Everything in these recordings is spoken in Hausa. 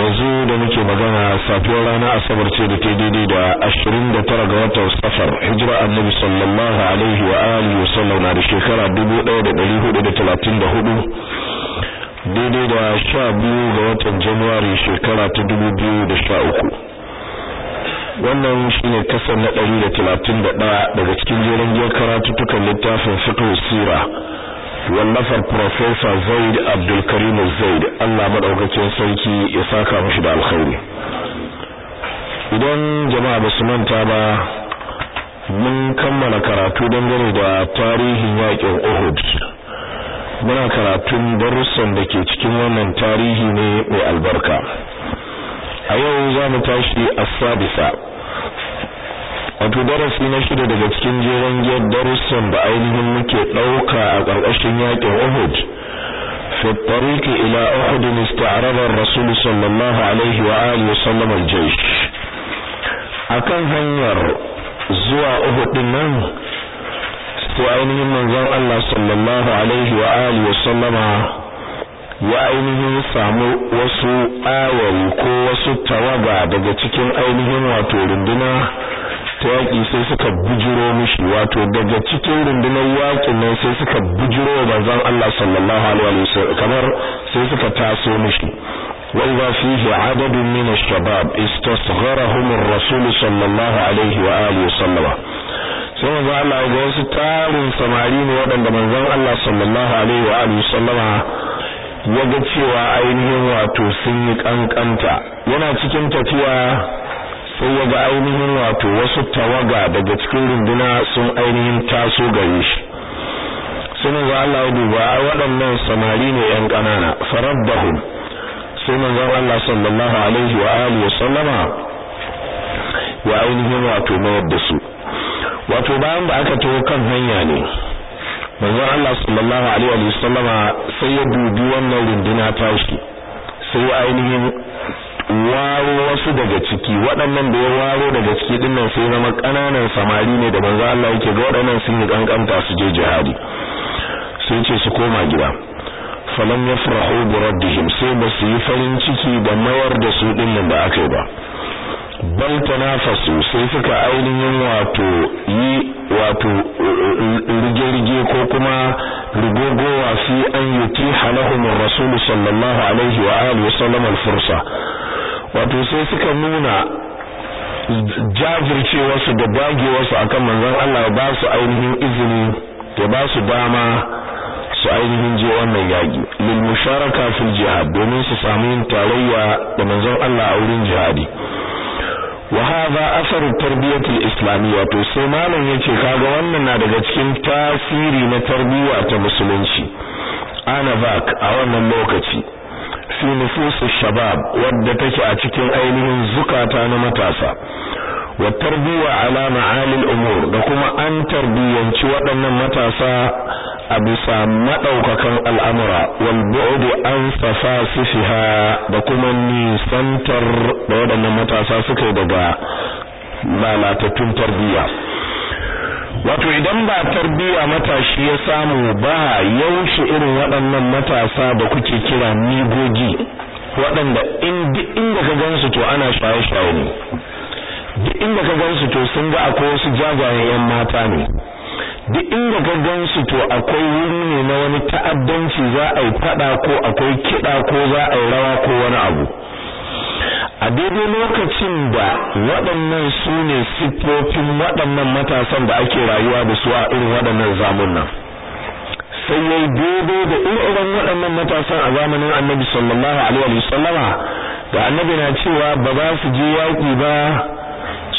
yanzu da muke magana safiyar rana asabar ce da ta daidai da ashirin da tara ga watan safar hijira annabi sallallahu alaihi wa alihi wa sallam na da shekara dubu daya da dari hudu da talatin da hudu daidai da sha biyu ga watan januwari shekara ta dubu biyu da sha uku wannan ne kasar na dari da talatin da daga cikin jerin tukan littafin fito sira wallafar Profesa Zaid Abdulkarim Zaid Allah maɗaukacin sarki ya saka mashi da alkhairi idan jama'a ba su manta ba mun kammala karatu dangane da tarihin yakin Uhud muna karatun darussan da ke cikin wannan tarihi ne mai albarka a yau za mu tashi a sabisa wato darasi na shida daga cikin jeren giyar darussan da ainihin muke ɗauka a ƙarƙashin yaƙin Uhud في الطريق إلى أحد sallallahu alaihi wa alihi wa sallam وسلم الجيش akan hanyar zuwa Uhud din nan sai ainihin manzon Allah sallallahu alaihi wa alihi wa sallam ya ainihin samu wasu awari ko wasu tawaga daga cikin ainihin wato runduna ta yaki sai suka bujiro mishi wato daga cikin rundunar yakin nan sai suka bujiro manzon Allah sallallahu alaihi wasallam kamar sai suka taso mishi وإذا فيه عدد من الشباب استصغرهم الرسول صلى الله عليه وآله وسلم sai manzo Allah ga wasu tarin samari ne waɗanda manzon Allah sallallahu alaihi wa alihi sallama ya ga cewa ainihin wato sun yi kankanta yana cikin tafiya sai ya ga ainihin wato wasu tawaga daga cikin runduna sun ainihin taso gare shi sai manzo Allah ya duba waɗannan samari ne ƴan ƙanana farabbahum sai manzon Allah sallallahu alaihi wa alihi sallama ya ainihin wato mayar da su wato bayan da aka tawo kan hanya ne manzon Allah sallallahu alaihi wa sallama sai ya dubi wannan runduna tashi sai ainihin waro wasu daga ciki waɗannan da ya waro daga ciki dinnan sai zama ƙananan samari ne da banza Allah yake ga waɗannan sun yi kankanta su je jihadi sai ce su koma gida falam yafrahu bi raddihim sai ba su yi farin ciki da mayar da su dinnan da aka yi ba bal tanafasu sai suka ainihin wato yi wato eh, eh, rige-rige ko kuma rigogowa fi an yuti halahum rasul sallallahu alaihi wa alihi wa sallam fursa wato sai suka nuna jajircewarsu da dagewarsu akan manzon Allah ba su ainihin izini da ba su dama su ainihin je wannan yaƙi lil musharaka kafin jihad domin su samu yin tarayya da manzan Allah a wurin jihadi wa hadha athar tarbiyat al islamiyya to sai malam yace kaga wannan na daga cikin tasiri na tarbiyya ta musulunci ana a wannan lokaci fi shabab wadda take a cikin ainihin zukata na matasa wa tarbiya alama alil umur da kuma an tarbiyyanci waɗannan matasa a bisa maɗaukakan al'amura wal bu'd an safasifiha da kuma nisantar da waɗannan matasa suke daga lalatattun tarbiyya. wato idan ba tarbiya matashi ya samu ba yaushe irin waɗannan matasa da kuke kira nigogi waɗanda inda ka gansu to ana shaye-shaye ne duk inda ka gansu to sun ga akwai wasu jajayen 'yan mata ne duk inda ka gansu to akwai wuri ne na wani ta'addanci za a yi fada ko akwai kiɗa ko za a yi rawa ko wani abu a daidai lokacin da waɗannan su ne siffofin waɗannan matasan da ake rayuwa da su a irin waɗannan zamunan sai yayi daidai da irin waɗannan matasan a zamanin annabi sallallahu alaihi wa sallama da annabi na cewa ba za su je yaƙi ba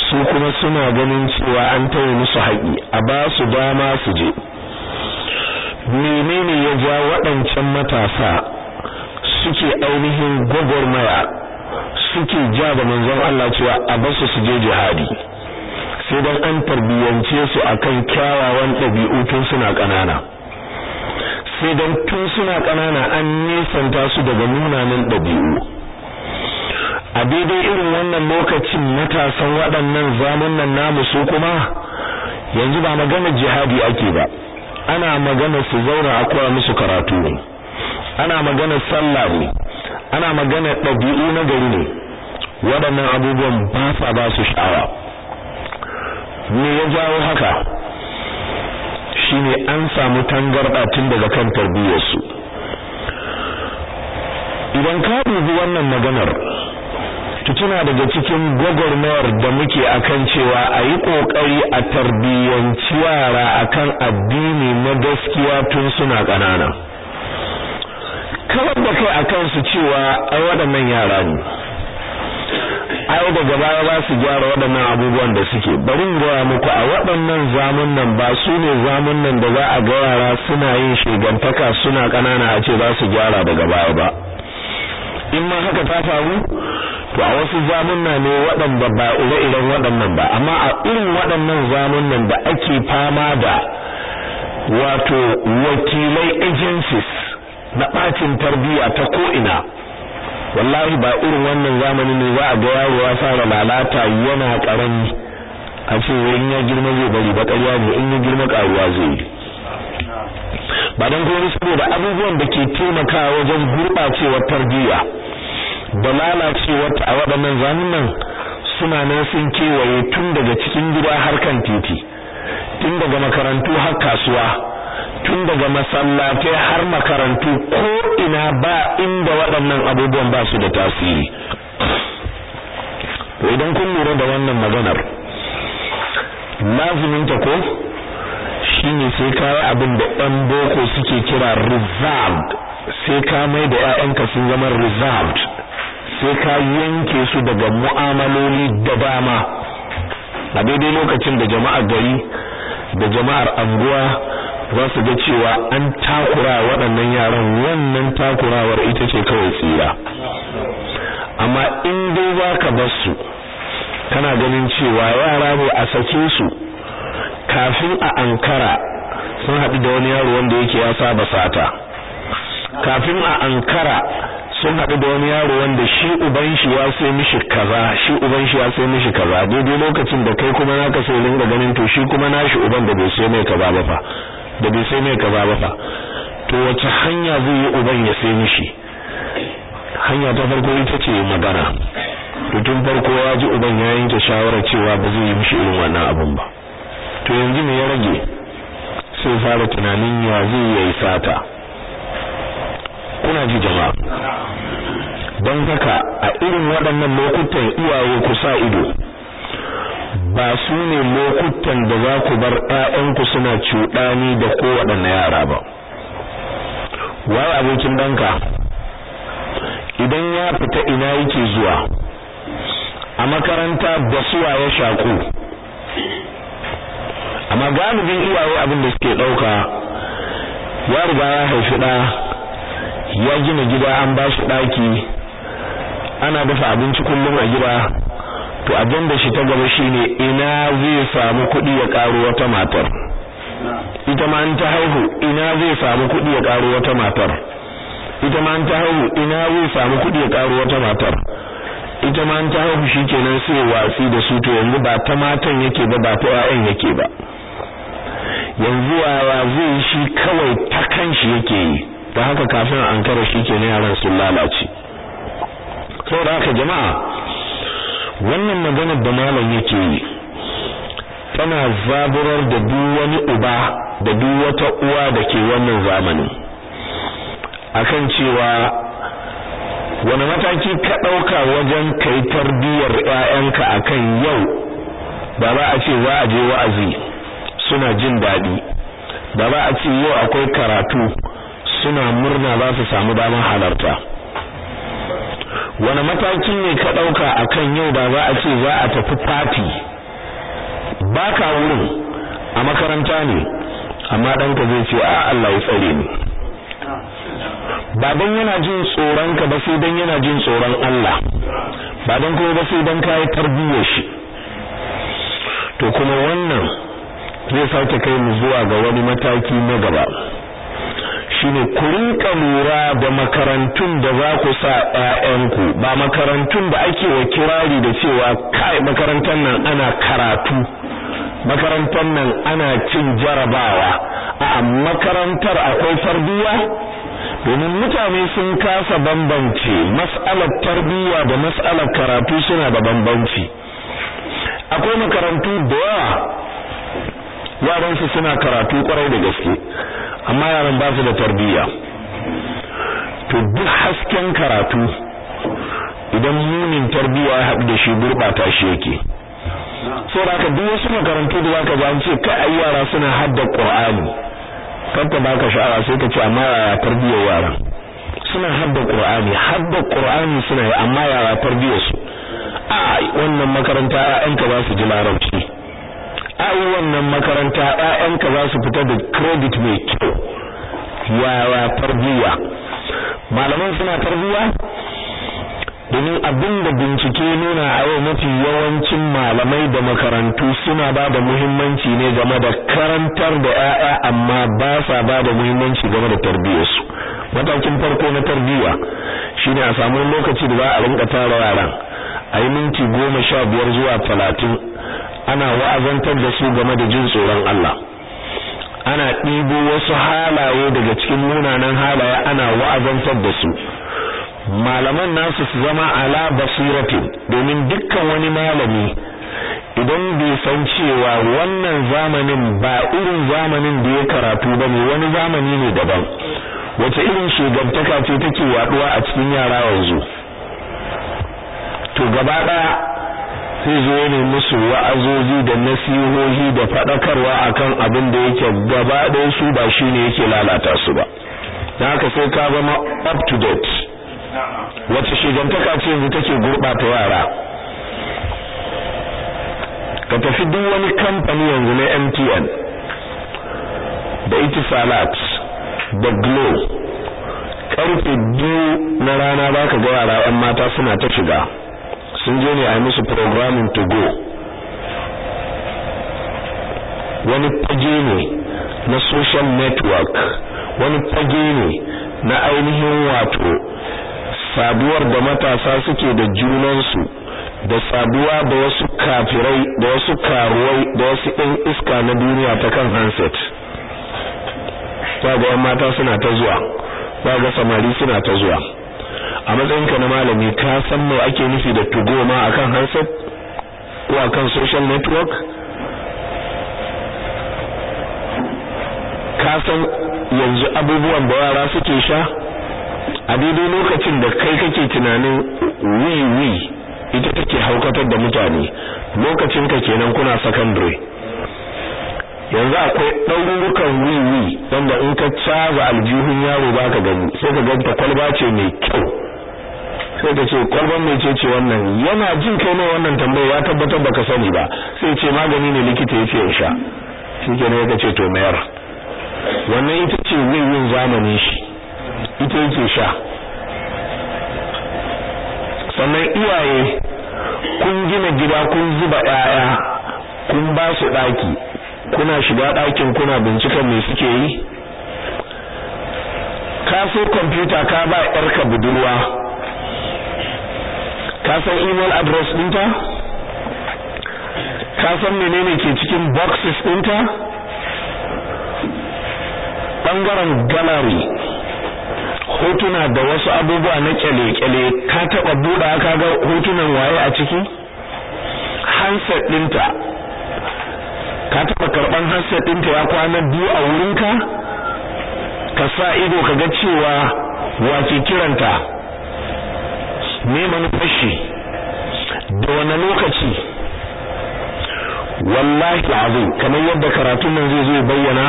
su kuma suna ganin cewa an taya musu haƙi a ba su dama su je menene ya ja waɗancan matasa suke ainihin gwagwarmaya suke ja da manzon Allah cewa a basu su je jihadi sai dan an tarbiyance su akan kyawawan ɗabi'u tun suna ƙanana sai dan tun suna ƙanana an nesanta su daga munanan ɗabi'u a daidai irin wannan lokacin matasan waɗannan zamunan namu su kuma yanzu ba magana jihadi ake ba ana magana su zauna a koya musu karatu ne ana magana sallah ne ana magana ɗabi'u na gari ne waɗannan abubuwan ba sa ba su sha'awa me ya jawo haka shine an samu tangarɗa tun daga kan tarbiyyarsu idan ka dubi wannan maganar tuna daga cikin gwagwarmayar da muke akan cewa a yi ƙoƙari a tarbiyyanci yara akan addini na gaskiya tun suna ƙanana kawar da kai a kansu cewa a waɗannan yara ne ai daga baya ba su gyara waɗannan abubuwan da suke bari in gaya muku a waɗannan zamun nan ba su ne zamun nan da za a ga yara suna yin shigantaka suna ƙanana a ce za su gyara daga baya ba in ma haka ta faru to a wasu zamunna ne waɗanda ba ire-iren waɗannan ba amma a irin waɗannan zamunnan da ake fama da wato wakilai agencies na ɓacin tarbiyya ta ko'ina wallahi ba irin wannan zamani ne za a ga yaro ya fara lalata yana karami a ce in ya girma zai bari ba ƙarya ne in ya girma ƙaruwa zai yi ba don kuma saboda abubuwan da ke taimakawa wajen gurɓacewar tarbiyya da lalacewar a waɗannan zamunan suna nan sun kewaye tun daga cikin gida har kan titi tun daga makarantu har kasuwa tun daga masallatai har makarantu ko ina ba inda waɗannan abubuwan ba su da tasiri to idan kun lura da wannan maganar lazimin ta ko shine sai ka abinda abin da ɗan boko suke kira reserved sai ka mai da ƴaƴanka sun zama reserved sai ka yanke su daga mu'amaloli da dama a daidai lokacin da jama'ar gari da jama'ar anguwa za su ga cewa an takura waɗannan yaran wannan takurawar ita ce kawai tsira amma in dai za ka bar kana ganin cewa yara ne a sake su kafin a ankara sun haɗu da wani yaro wanda yake ya saba sata kafin a ankara sun haɗu da wani yaro wanda shi uban shi ya sai mishi kaza shi uban shi ya sai mishi kaza daidai lokacin da kai kuma naka sai ringa ganin to shi kuma nashi uban da bai sai mai kaza ba fa da bai sai mai kaza ba to wace hanya zai yi uban ya sai mishi hanya ta farko ita ce magana to tun farko ya ji uban ya yanke shawarar cewa ba zai yi mishi irin wannan abin ba to yanzu me ya rage sai fara tunanin ya zai yi sata kuna ji jama'a don haka a irin waɗannan lokutan iyaye ku sa ido ba su ne lokutan da za ku bar ƴaƴanku suna cuɗani da kowaɗanne yara ba wai abokin danka idan ya fita ina yake zuwa a makaranta da suwa ya shaku amma galibin iyaye abin da suke ɗauka ya riga ya haifi ɗa ya gina gida an ba shi ɗaki ana dafa abinci kullum a gida to da shi ta gaba shine ina zai samu kuɗi ya ƙaro wata matar ita ma an ta haihu ina zai samu kuɗi ya ƙaro wata matar ita ma an ta haihu ina zai samu kuɗi ya ƙaro wata matar ita ma an ta haihu shikenan sai watsi da su to yanzu ba ta matan yake ba ba ta ƴaƴan yake ba yanzu wa zai shi kawai ta kan shi yake yi ta haka kafin an kara shikenan yaran sun lalace saboda haka jama'a wannan magana da malam yake yi tana zaburar da duk wani uba da duk wata uwa dake wannan zamani akan cewa wani mataki ka ɗauka wajen kai tarbiyar ƴaƴanka akan yau ba ba a ce za a je wa'azi suna jin daɗi ba ba a ce yau akwai karatu suna murna za su samu damar halarta wani mataki ne ka ɗauka akan yau da za a ce za a tafi fati ba ka wurin a makaranta ne amma ka zai ce a Allah ya tsare ni ba don yana jin tsoron ka ba sai don yana jin tsoron Allah ba don kuma ba sai don kayi tarbiyyar shi to kuma wannan zai sake kai mu zuwa ga wani mataki na gaba shine ku rinka lura da makarantun da za ku sa ɗayanku ba makarantun da ake wa kirari da cewa kai makarantar nan ana karatu makarantar nan ana cin jarabawa a makarantar akwai tarbiyya domin mutane sun kasa bambance mas'alar tarbiyya da mas'alar karatu suna da bambanci akwai makarantu da yawa yaransu suna karatu kwarai da gaske amma yaran ba su da tarbiyya to duk hasken karatu idan munin tarbiyya ya haɗu da shi gurɓata shi yake saboda ka duk wasu makarantu da zaka ga an ce kai yara suna hadda Qur'ani ta baka sha'awa sai ka ce amma yara tarbiyya yara suna hadda Qur'ani hadda Qur'ani suna amma yara tarbiyya su a wannan makaranta ƴaƴanka ba su ji larabci ai wannan makaranta ƴaƴanka za su fita da credit mai kyau ya tarbiya malaman suna tarbiya domin abin da bincike nuna a yau mafi yawancin malamai da makarantu suna ba da muhimmanci ne game da karantar da 'ya'ya amma ba sa ba da muhimmanci game da tarbiyyarsu matakin farko na tarbiyya shine a samu lokaci da za a rinka tara yaran a yi minti goma sha biyar zuwa talatin ana wa'azantar da su game da jin tsoron Allah ana ɗibo wasu halaye daga cikin munanan halaye ana wa'azantar da su malaman nasu su zama ala basiratin domin dukkan wani malami idan bai san cewa wannan zamanin ba irin zamanin da ya karatu ba ne wani zamani ne daban wace irin shugabtaka ce take waɗuwa a cikin yara yanzu to gaba ɗaya sai zo ne musu wa'azozi da nasihohi da faɗakarwa akan abin da yake gaba ɗaya su ba shine yake lalata su ba da haka sai ka zama up to date wace shigantaka ce yanzu take gurɓata yara ka tafi duk wani kamfani yanzu na MTN da salat da Glo karfe biyu na rana baka ka ga yara 'yan mata suna ta shiga sun je ne a yi musu programming to go wani fage ne na social network wani fage ne na ainihin wato sabuwar da matasa suke da junansu da sabuwa da wasu kafirai da wasu karuwai da wasu ɗin iska na duniya ta kan handset ba ga 'yan mata suna ta zuwa ba ga samari suna ta zuwa a matsayinka na malami ka san me ake nufi da tugoma akan handset ko akan social network ka san yanzu abubuwan da yara suke sha a daidai lokacin da kai kake tunanin wiwi ita take haukatar da mutane lokacin ka kenan kuna secondary yanzu akwai ɗaurukan wiwi wanda in ka caza aljihun yaro ba ka gani sai ka ganta kwalba ce mai kyau sai ka ce kwalban mai cece wannan yana jin kai ne wannan tambayar ya tabbatar baka sani ba sai ce magani ne likita ya ce sha shi ke ne ya ce to mayar wannan ita ce wiwin zamanin shi ita yake sha sannan iyaye kun gina gida kun zuba ɗaya kun ba su ɗaki kuna shiga ɗakin kuna binciken me suke yi ka so kwamfuta ka ba barka budurwa ka san email address ɗinta ka san menene ke cikin boxes ɗinta ɓangaren gallery hotuna da wasu abubuwa na kyale-kyale ka taɓa buɗa ka ga hotunan waye a ciki handset ɗinta ka taɓa karɓan handset ɗinka ya kwana biyu a wurinka ka sa ido ka ga cewa wa ke kiranta neman fashi da wani lokaci wallahi azu kamar yadda karatun nan zai zo bayyana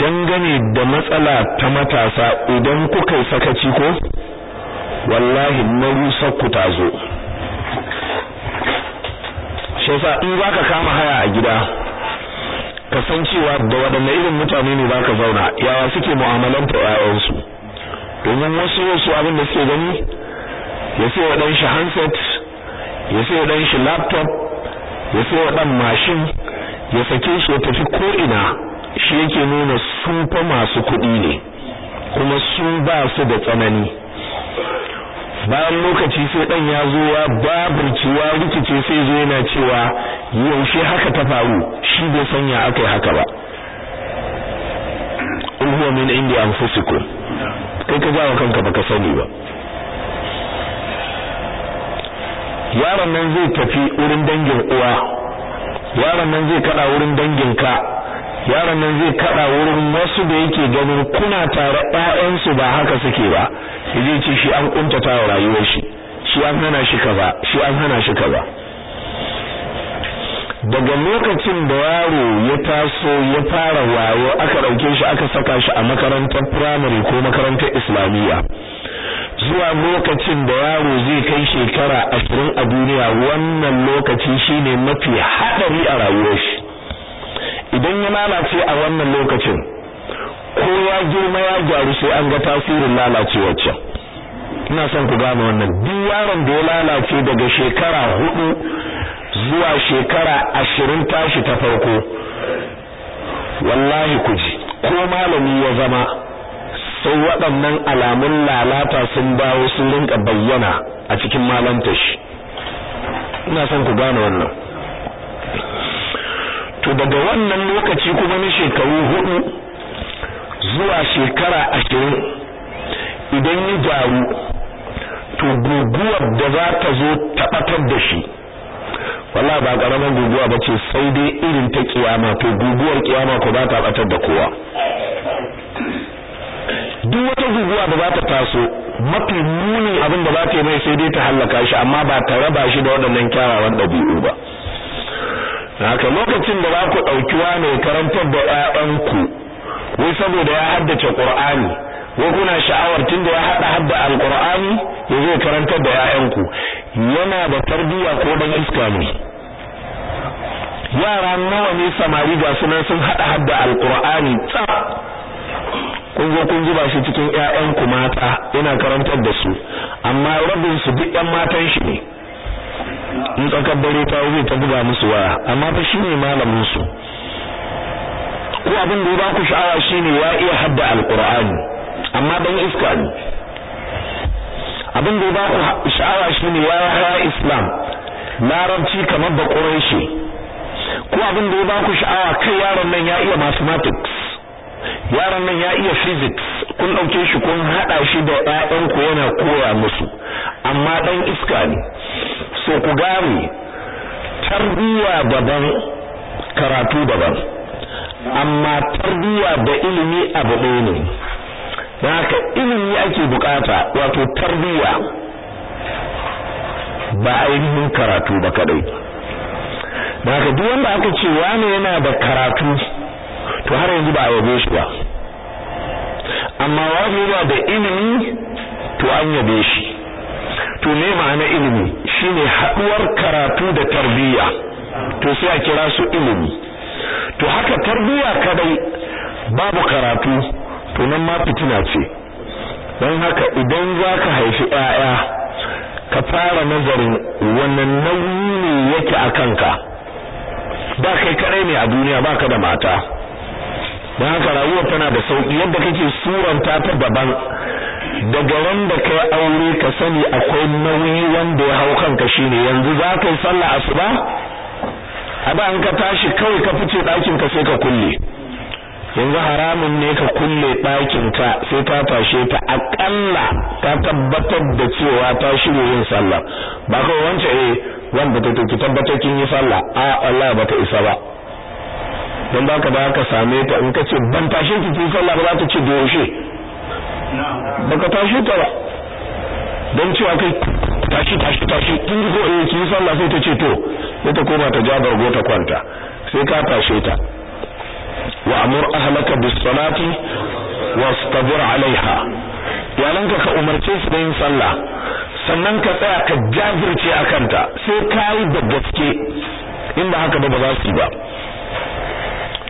dangane da matsala ta matasa idan kuka yi sakaci ko wallahi na rusar ku ta zo shesa in in zaka kama haya a gida ka san cewa da waɗanne irin mutane ne zaka zauna yawa suke mu'amalan ta'awayen domin wasu wasu abin da suke gani ya sai wa shi handset ya sai wa shi laptop ya sai wa mashin ya sake shi ya tafi ko'ina shi yake nuna sun fa masu kuɗi ne kuma sun ba su da tsanani bayan lokaci sai dan ya zo ya baburci rikice sai zo yana cewa yaushe haka ta faru shi bai sanya aka haka ba in huwa min indi anfusikum kai ka jawo kanka baka sani ba yaron nan zai tafi wurin dangin uwa yaron nan zai kada wurin dangin ka yaron nan zai kada wurin wasu da yake ganin kuna tare su ba haka suke ba zai ce shi an kunta ta rayuwar shi shi an hana shi kaza shi an hana shi kaza daga lokacin da yaro ya taso ya fara wayo aka dauke shi aka saka shi a makarantar primary ko makarantar islamiyya zuwa lokacin da yaro zai kai shekara ashirin a duniya wannan lokaci shine mafi haɗari a rayuwar shi idan ya lalace a wannan lokacin ko ya girma ya gyaru sai an ga tasirin lalacewar can ina son ku gane wannan duk yaron da ya lalace daga shekara hudu zuwa shekara ashirin tashi ta farko wallahi ku ji ko malami ya zama sai waɗannan alamun lalata sun dawo sun rinka bayyana a cikin malantar shi ina son ku gane wannan to daga wannan lokaci kuma na shekaru hudu zuwa shekara ashirin idan ya jaru to guguwar da za ta zo tabbatar da shi Wala ba karamar guguwa ba ce sai dai irin ta kiyama to guguwar kiyama ko ba ta batar da kowa duk wata guguwa da za ta taso mafi muni abin da za ta yi mai sai dai ta hallaka shi amma ba ta raba shi da waɗannan kyawawan ɗabi'u ba haka lokacin da za ku ɗauki wane karantar da ƴaƴanku wai saboda ya haddace Qur'ani ko kuna sha'awar tun da ya hada hadda alqur'ani ya zai karantar da ƴaƴanku yana da tarbiyya ko dan iska ne yara nawa ne samari ga sunan sun hada hadda alqur'ani tsaf kun zo kun zuba shi cikin ƴaƴanku mata yana karantar da su amma rabin su duk ƴan matan shi ne in tsakar dare ta zai ta buga musu waya amma fa shine malamin su ko abin da ya ba ku sha'awa shine ya iya hadda alqur'ani amma dan iska ne abin da ya ba ku sha'awa shine ya ya islam larabci kamar da quraishi ko abin da ya ba ku sha'awa kai yaron nan ya iya mathematics yaron nan ya iya physics kun ɗauke shi kun haɗa shi da ‘ya'yanku yana koya musu amma ɗan iska ne so ku gane tarbiyya daban karatu daban amma tarbiyya da ilimi abu ɗaya ne haka ilimi ake bukata wato tarbiyya ba ainihin karatu ba kadai don haka duk wanda aka ce wani yana da karatu to har yanzu ba a yabe shi ba amma wani ba da ilimi to an yabe shi to me ma'ana ilimi shine haɗuwar karatu da tarbiyya to sai a kira su ilimi to haka tarbiyya kadai babu karatu to nan ma fitina ce don haka idan zaka haifi ƴaƴa ka fara nazarin wannan nauyi ne yake a kanka ba kai kadai ne a duniya baka da mata don haka rayuwar tana da sauki yadda kake suranta ta daban daga ran da kai aure ka sani akwai nauyi wanda ya hau kanka shine yanzu za ka yi sallah asuba a da an ka tashi kawai ka fice ɗakin ka sai ka kulle yanzu haramun ne ka kulle ɗakin ka sai ta tashe ta aƙalla ta tabbatar da cewa ta shirya yin sallah ba kawai wancan eh wanda ta tabbatar kin yi sallah a Allah ba ta isa ba don baka ba ka same ta in ka ce ban tashe ki kin sallah ba za ta ce da yaushe baka tashe ta ba don cewa kai tashi tashi tashi kin ji ko eh ki sallah sai ta ce to sai ta koma ta ja bargo ta kwanta sai ka tashe ta wa amur ahlaka bis salati wastabir alaiha yalanka ka umarce su da yin sallah sannan ka tsaya ka jazirce akanta sai ka yi da gaske in ba haka ba ba za su yi ba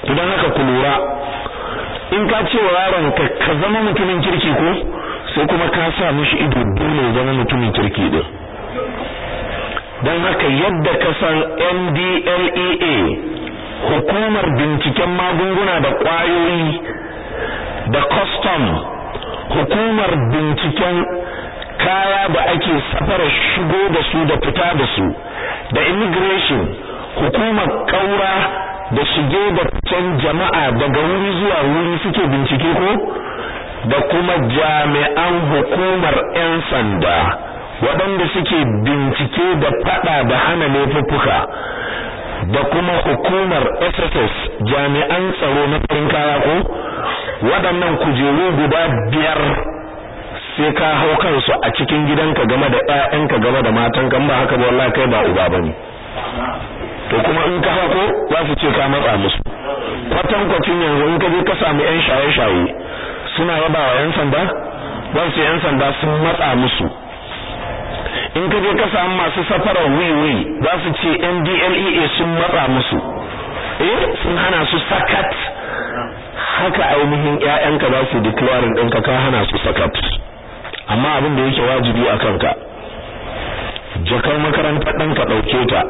idan haka ku lura in ka ce wa yaron ka ka zama mutumin kirki ko sai kuma ka sa mishi ido dole zama mutumin kirki din don haka yadda ka san NDLEA hukumar binciken magunguna da kwayoyi da custom hukumar binciken kaya da ake safara shigo da su da fita da su da immigration hukumar kaura da shige da can jama'a daga wuri zuwa wuri suke bincike ko da kuma jami'an hukumar 'yan sanda waɗanda suke bincike da faɗa da hana laifuffuka da kuma hukumar SSS jami'an tsaro na farin kaya ko waɗannan kujeru guda biyar sai ka hau kansu a cikin gidanka game da 'ya'yanka game da kan ba haka ba wallahi kai ba uba bane to kuma in ka hako za su ce ka matsa musu kwacin yanzu in ka je ka samu yan shaye-shaye suna yaba wa yan sanda za su yan sanda sun matsa musu in ka je ka samu masu safarar wiwi za su ce ndlea sun matsa musu eh sun hana su sakat haka ainihin ƴaƴanka za su declaring ɗinka ka hana su sakat amma abin da yake wajibi a kanka jakar makarantar ɗanka ɗauke ta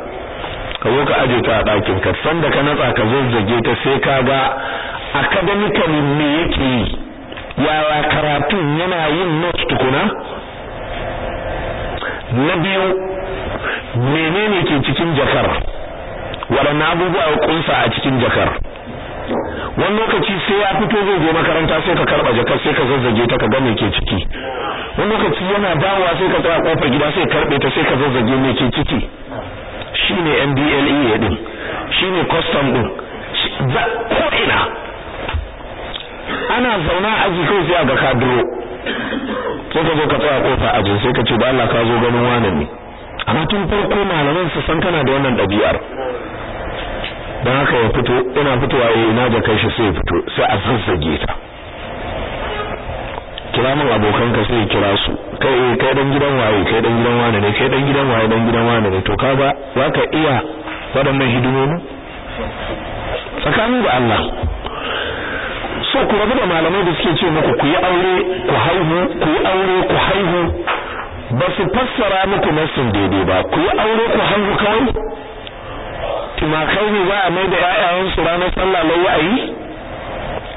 ka zo ka aje ta a ɗakin ka san ka natsa ka zazzage ta sai ka ga academically me yake yi yawa karatun yana yin not tukuna na biyu menene ke cikin jakar waɗanne abubuwa ya kunsa a cikin jakar wani lokaci sai ya fito zai je makaranta sai ka karɓa jakar sai ka zazzage ta ka ga ke ciki wani lokaci yana dawowa sai ka tsaya kofar gida sai karɓe ta sai ka zazzage me ke ciki shine ya e din shine custom din ko ina ana zauna a jikin sai ga kaduro sai ka zo ka tsaya kofa ajin, sai ka ce ba Allah ka zo ganin wani ne amma tun farko malaman su san kana da wannan dabi'ar dan haka ya fito ina fitowa eh ina da kai shi sai fito sai a zazzage ta kira min abokan ka sai kira su kai eh, kai dan gidan waye kai dan gidan wane ne kai dan gidan waye dan gidan wane ne to ka ba zaka iya wadannan hidimomi tsakanin da Allah so ku rabu da malamai da suke ce muku ku yi aure ku haihu ku yi aure ku haihu ba su fassara muku sun daidai ba ku yi aure ku haihu kawai tumakai ne za a mai da 'ya'yansu ranar sallah lai yi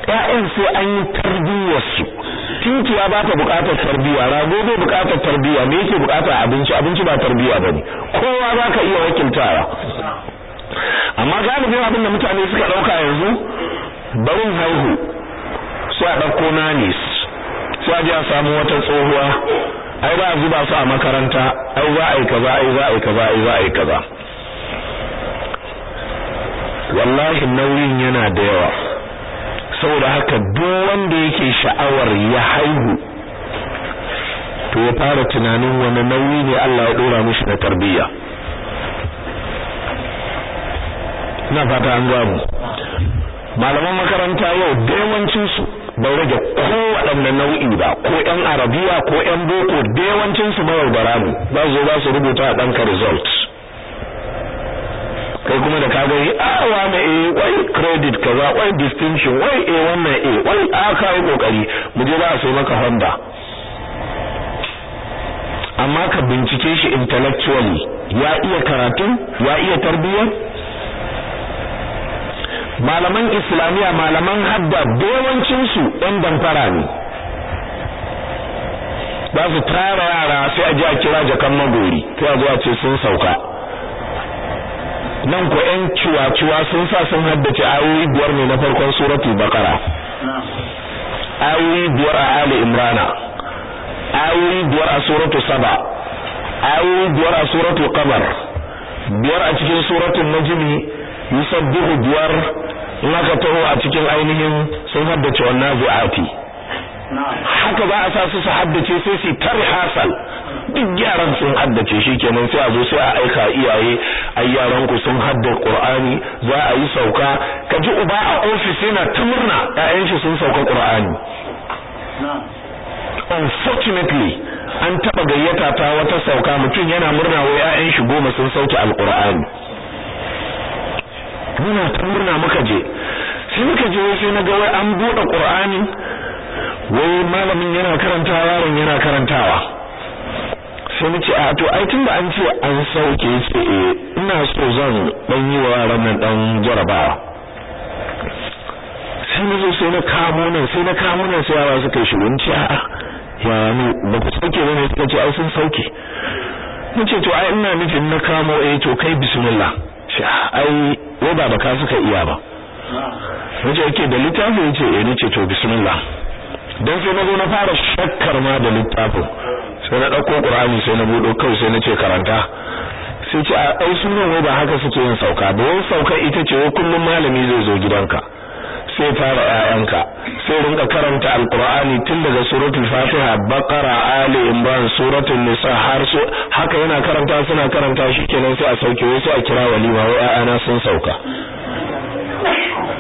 'ya'yan sai an yi tarbiyyarsu tinkiya ba ta bukatar tarbiya rago bai bukatar tarbiya me yake buƙatar abinci abinci ba tarbiya bane kowa za ka iya wakiltawa amma galibin abin da mutane suka ɗauka yanzu barin haihu su a ɗauko nanis su a a samu wata tsohuwa ai ba a zuba su a makaranta ai za a yi kaza ai za a yi kaza ai za a yi kaza wallahi nauyin yana da yawa saboda haka duk wanda yake sha'awar ya haihu to ya fara tunanin wani nauyi ne Allah ya dora mishi na tarbiyya na fata an gamu malaman makaranta yau daimancin su bai rage nau'i ba ko ƴan arabiya ko ƴan boko da su bai rubara ba su zo za su rubuta a ɗanka results kai kuma da kaga yi a ah, wani a eh, wai credit kaza wai distinction wai a eh, wannan a eh, wai a ka yi kokari mu je za a so maka Honda amma ka bincike shi intellectually ya iya karatu ya iya tarbiyyar malaman islamiyya malaman hadda yawancinsu ɗan damfara ne za su tara yara sai a ji a kira jakan magori sai a zuwa ce sun sauka nan ko ƴan ciwa-ciwa sun sa sun haddace ayoyi biyar ne na farkon suratul baqara ayoyi biyar a ali imrana ayoyi biyar a suratul saba ayoyi biyar a suratul qamar biyar a cikin suratul najmi yusabbihu biyar laka a cikin ainihin sun haddace wannan zuati haka ba a sa su su haddace sai su tarhasal duk yaran sun haddace shi kenan sai a zo sai a aika iyaye ai yaran ku sun hadda qur'ani za a yi sauka kaji uba a office yana ta murna ƴaƴan shi sun sauka qur'ani unfortunately an taba gayyata ta wata sauka mutum yana murna wai ƴaƴan shi goma sun sauke alqur'ani muna ta murna muka je sai muka je sai na ga wai an buɗe qur'ani wai malamin yana karantawa yaron yana karantawa sai nace a to ai tunda an ce an sauke sai eh, ina so zan dan yi wa ranar dan jarabawa sai na zo sai na kamo nan sai na kamo nan sai yawa suka shiru nace a ya ni ba ku sauke ne suka ce ai sun sauke nace to ai ina nufin na kamo eh to kai bismillah shi ai wai ba baka suka iya ba nace yake da littafin ce eh ce to bismillah dan sai na zo na fara shakkar ma da littafin sai na dauko qur'ani sai na budo kawai sai na ce karanta sai ce a ai sunan wai ba haka suke yin sauka ba wai sauka ita ce wai kullum malami zai zo gidanka sai fara ƴaƴanka sai rinka karanta alqur'ani tun daga suratul fatiha baqara ali imran suratul nisa har su haka yana karanta suna karanta shi kenan sai a sauke wai sai a kira walima wai ƴaƴana sun sauka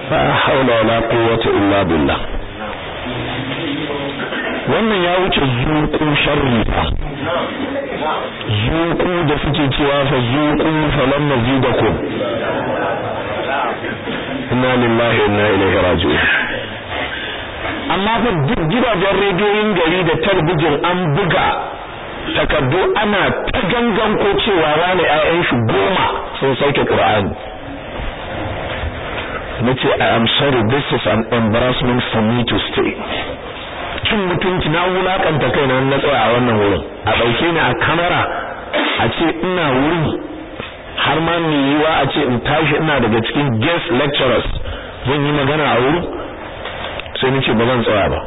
fa hawla wala quwwata illa billah wannan ya wuce zuku sharri fa zuku da suke cewa fa zuku falan mazidakum inna lillahi inna ilaihi raji'un amma fa duk gidajen rediyoyin gari da talbijin an buga takardu ana ta gangan ko cewa wani 'ya'yan shi goma sun sauke Qur'ani nace I am sorry this is an embarrassment for me to stay cin mutunci na wulakanta kai na tsaya a wannan wurin a dauke ni a kamara a ce ina wuri har ma yi yiwa a ce in tashi ina daga cikin guest lecturers zan yi magana a wurin sai ni ce ba zan tsaya ba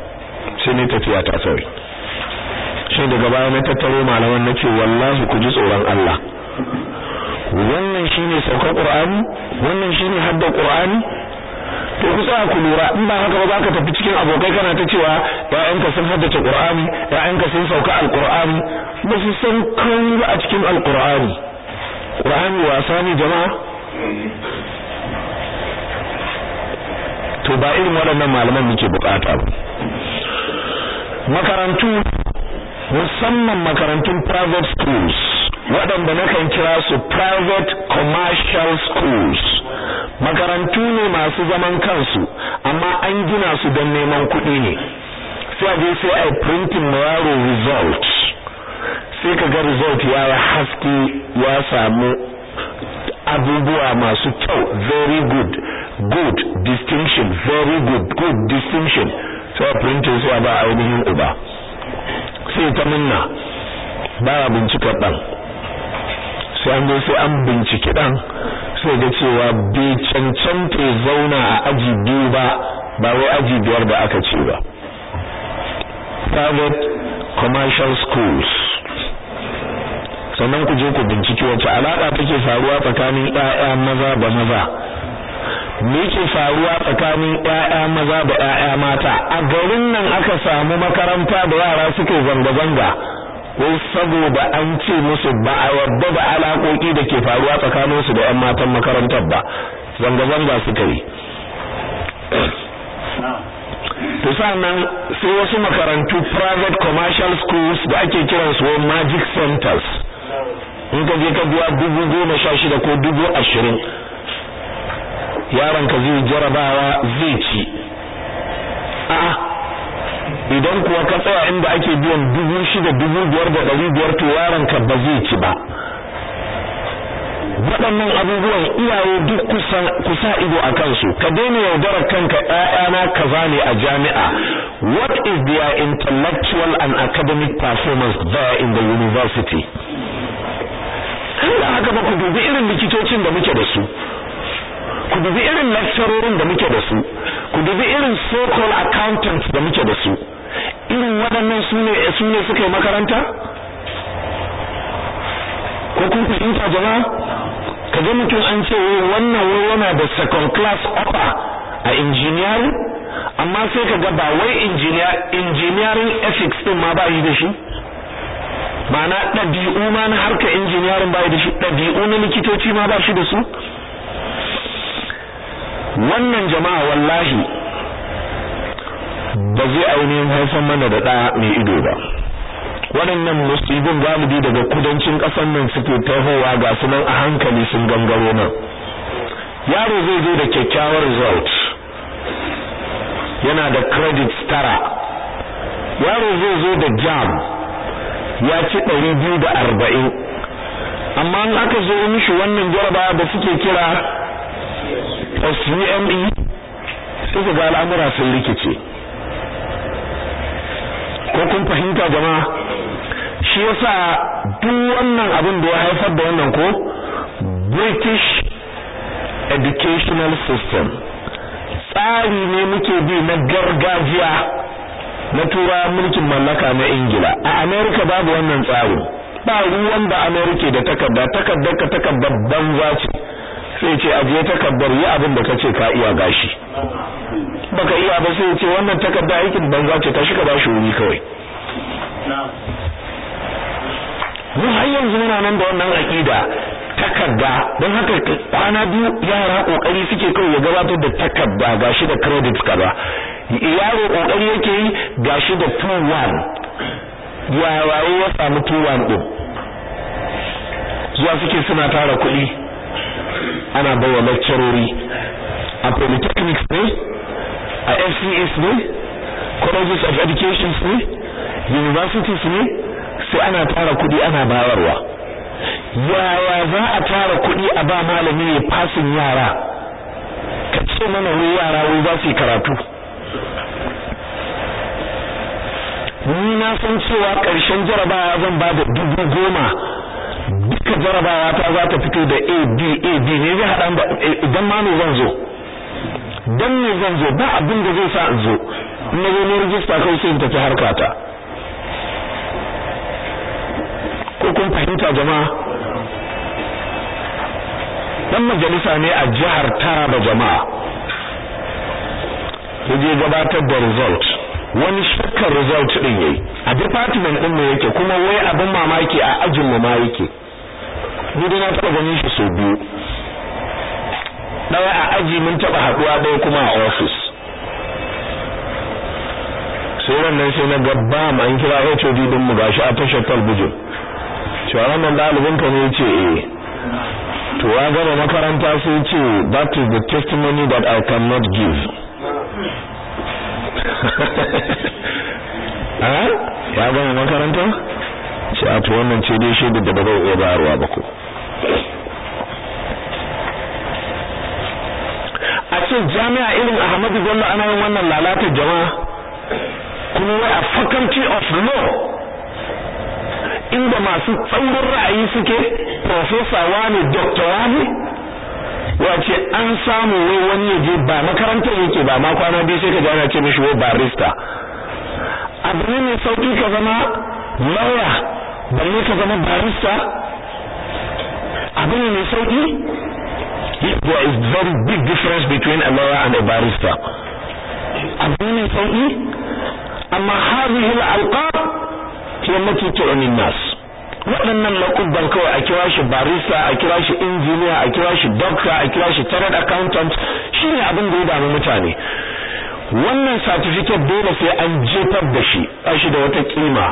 sai ni tafiya ta sauri sai daga baya na tattaro malaman nace wallahi ku ji tsoron Allah wannan shine saukar Qur'ani wannan shine haddar Qur'ani to ku sa ku lura in ba haka ba za ka tafi cikin abokai kana ta cewa ya'yanka sun haddace Qur'ani ya'yanka sun sauka alqur'ani ba su san komai a cikin alqur'ani Qur'ani wasa ne jama'a to ba irin waɗannan malaman muke bukata ba makarantu musamman makarantun private schools waɗanda na kan kira su private commercial schools makarantu ne masu zaman kansu amma an gina su don neman kuɗi ne sai a je sai a printing na result sai ka ga result ya haske ya samu abubuwa masu kyau very good good distinction very good good distinction sai printing sai ba ainihin uba sai ta munna ba a bincika ɗan sai an sai an binciki dan sai ga cewa bai cancanta zauna a aji biyu ba ba wai aji biyar da aka ce ba private commercial schools sannan ku je ku binciki wacce alaƙa take faruwa tsakanin ɗaya maza da maza me ke faruwa tsakanin ƴaƴa maza da ƴaƴa mata a garin nan aka samu makaranta da yara suke zanga-zanga ko saboda an ce musu ba a yarda da alaƙoƙi da ke faruwa tsakanin su da 'yan matan makarantar ba zanga-zanga suka yi to nan sai wasu makarantu private commercial schools da ake kiransu su magic centers in ka je ka biya dubu goma sha shida ko dubu ashirin yaron ka zai jarabawa zai ci a'a idan kuwa ka tsaya inda ake biyan dubu shida dubu biyar da ɗari biyar to ka ba zai ci ba waɗannan abubuwan iyaye duk kusa ido a kansu ka daina yaudarar kanka ƴaƴana kaza ne a jami'a what is their intellectual and academic performance there in the university da haka ba ku dubi irin likitocin da muke da su ku dubi irin lecturerin da muke da su ku dubi irin so-called accountants da muke da su irin waɗannan su ne suka yi makaranta ko kun fahimta jama'a ka ga mutum an ce eh, wannan wai yana da second class upper a injiniyar? amma sai ka ga ba wai engineering ethics din ma ba yi da shi ma'ana ɗabi'u ma na harka engineering ba yi da shi ɗabi'u na likitoci ma ba shi da su wannan jama'a wallahi ba zai ainihin haifar mana da ɗaya mai ido ba waɗannan musibin galibi daga kudancin ƙasar nan suke tahowa ga su nan a hankali sun gangaro nan yaro zai zo da kyakkyawar result yana da credit tara yaro zai zo da jam ya ci ɗari biyu da arba'in amma in aka zo mishi wannan jaraba da suke kira SUME sai ga al'amura sun rikice ko kun fahimta jama'a shi yasa duk wannan abin da ya haifar da wannan ko British educational system tsari ne muke bi na gargajiya na tura mulkin mallaka na Ingila a America babu wannan tsari ba ruwan da America da takarda takardar ka takardar banza ce sai ce ajiye takardar yi abin da kace ka iya gashi baka iya ba sai ce wannan takarda aikin banza ce ta shiga bashi wuri kawai mu har yanzu muna nan da wannan aqida takarda don haka kwana biyu yara kokari suke kawai ya gabatar da takarda gashi da credit kaza yaro kokari yake yi gashi da 21 wayo ya samu 21 din zuwa suke suna tara kuɗi ana bai wa lecturori a polytechnics ne a fcs ne colleges of education ne universities ne sai ana tara kudi ana bayarwa yaya za a tara kudi a ba malami ya fasin yara ka ce mana wai yara wai za su yi karatu ni na san cewa ƙarshen jarabawa zan ba da dubu goma duka jarabawa ta za ta fito da A B A B ne zai haɗa ba eh, idan ma ne zan zo dan ne zan zo ba abin da zai sa in zo na zo ne rijista kai sai in tafi harkata ko kun fahimta jama'a dan majalisa ne a jihar Taraba jama'a yaje gabatar da result wani shakkar result din yayi a department din mu yake kuma wai abin mamaki a ajin mu ma yake ni dai na taɓa ganin shi sau biyu ɗaya a aji mun taɓa haɗuwa dai kuma a ofis sai wannan sai na gabba ma an kira HOD din mu gashi a tashar talbijo cewa wannan ɗalibin ka ne ce eh to ya gama makaranta sai ce that is the testimony that I cannot give ya gama makaranta ce a to wannan ce dai shaidar da ba iya bayarwa ba ko a ce jami'a irin Ahmadu Bello ana yin wannan lalatar jama'a kuma wai a faculty of law inda masu tsaurin ra'ayi suke professor wani doctor wani wace an samu wai wani yaje ba makarantar yake ba ma biyu sai ka ji ce mishi wai barista abu ne mai sauki ka zama lawyer balle ka zama barista abin mai sauki there is very big difference between a lawyer and a barrister abin mai sauki amma hadhihi alqab hiya matutu anin nas waɗannan laƙubban kawai a kira shi barista a kira shi injiniya a kira shi doctor a kira shi chartered accountant shi ne abin da ya damu mutane wannan certificate dole sai an jefar da shi ba shi da wata kima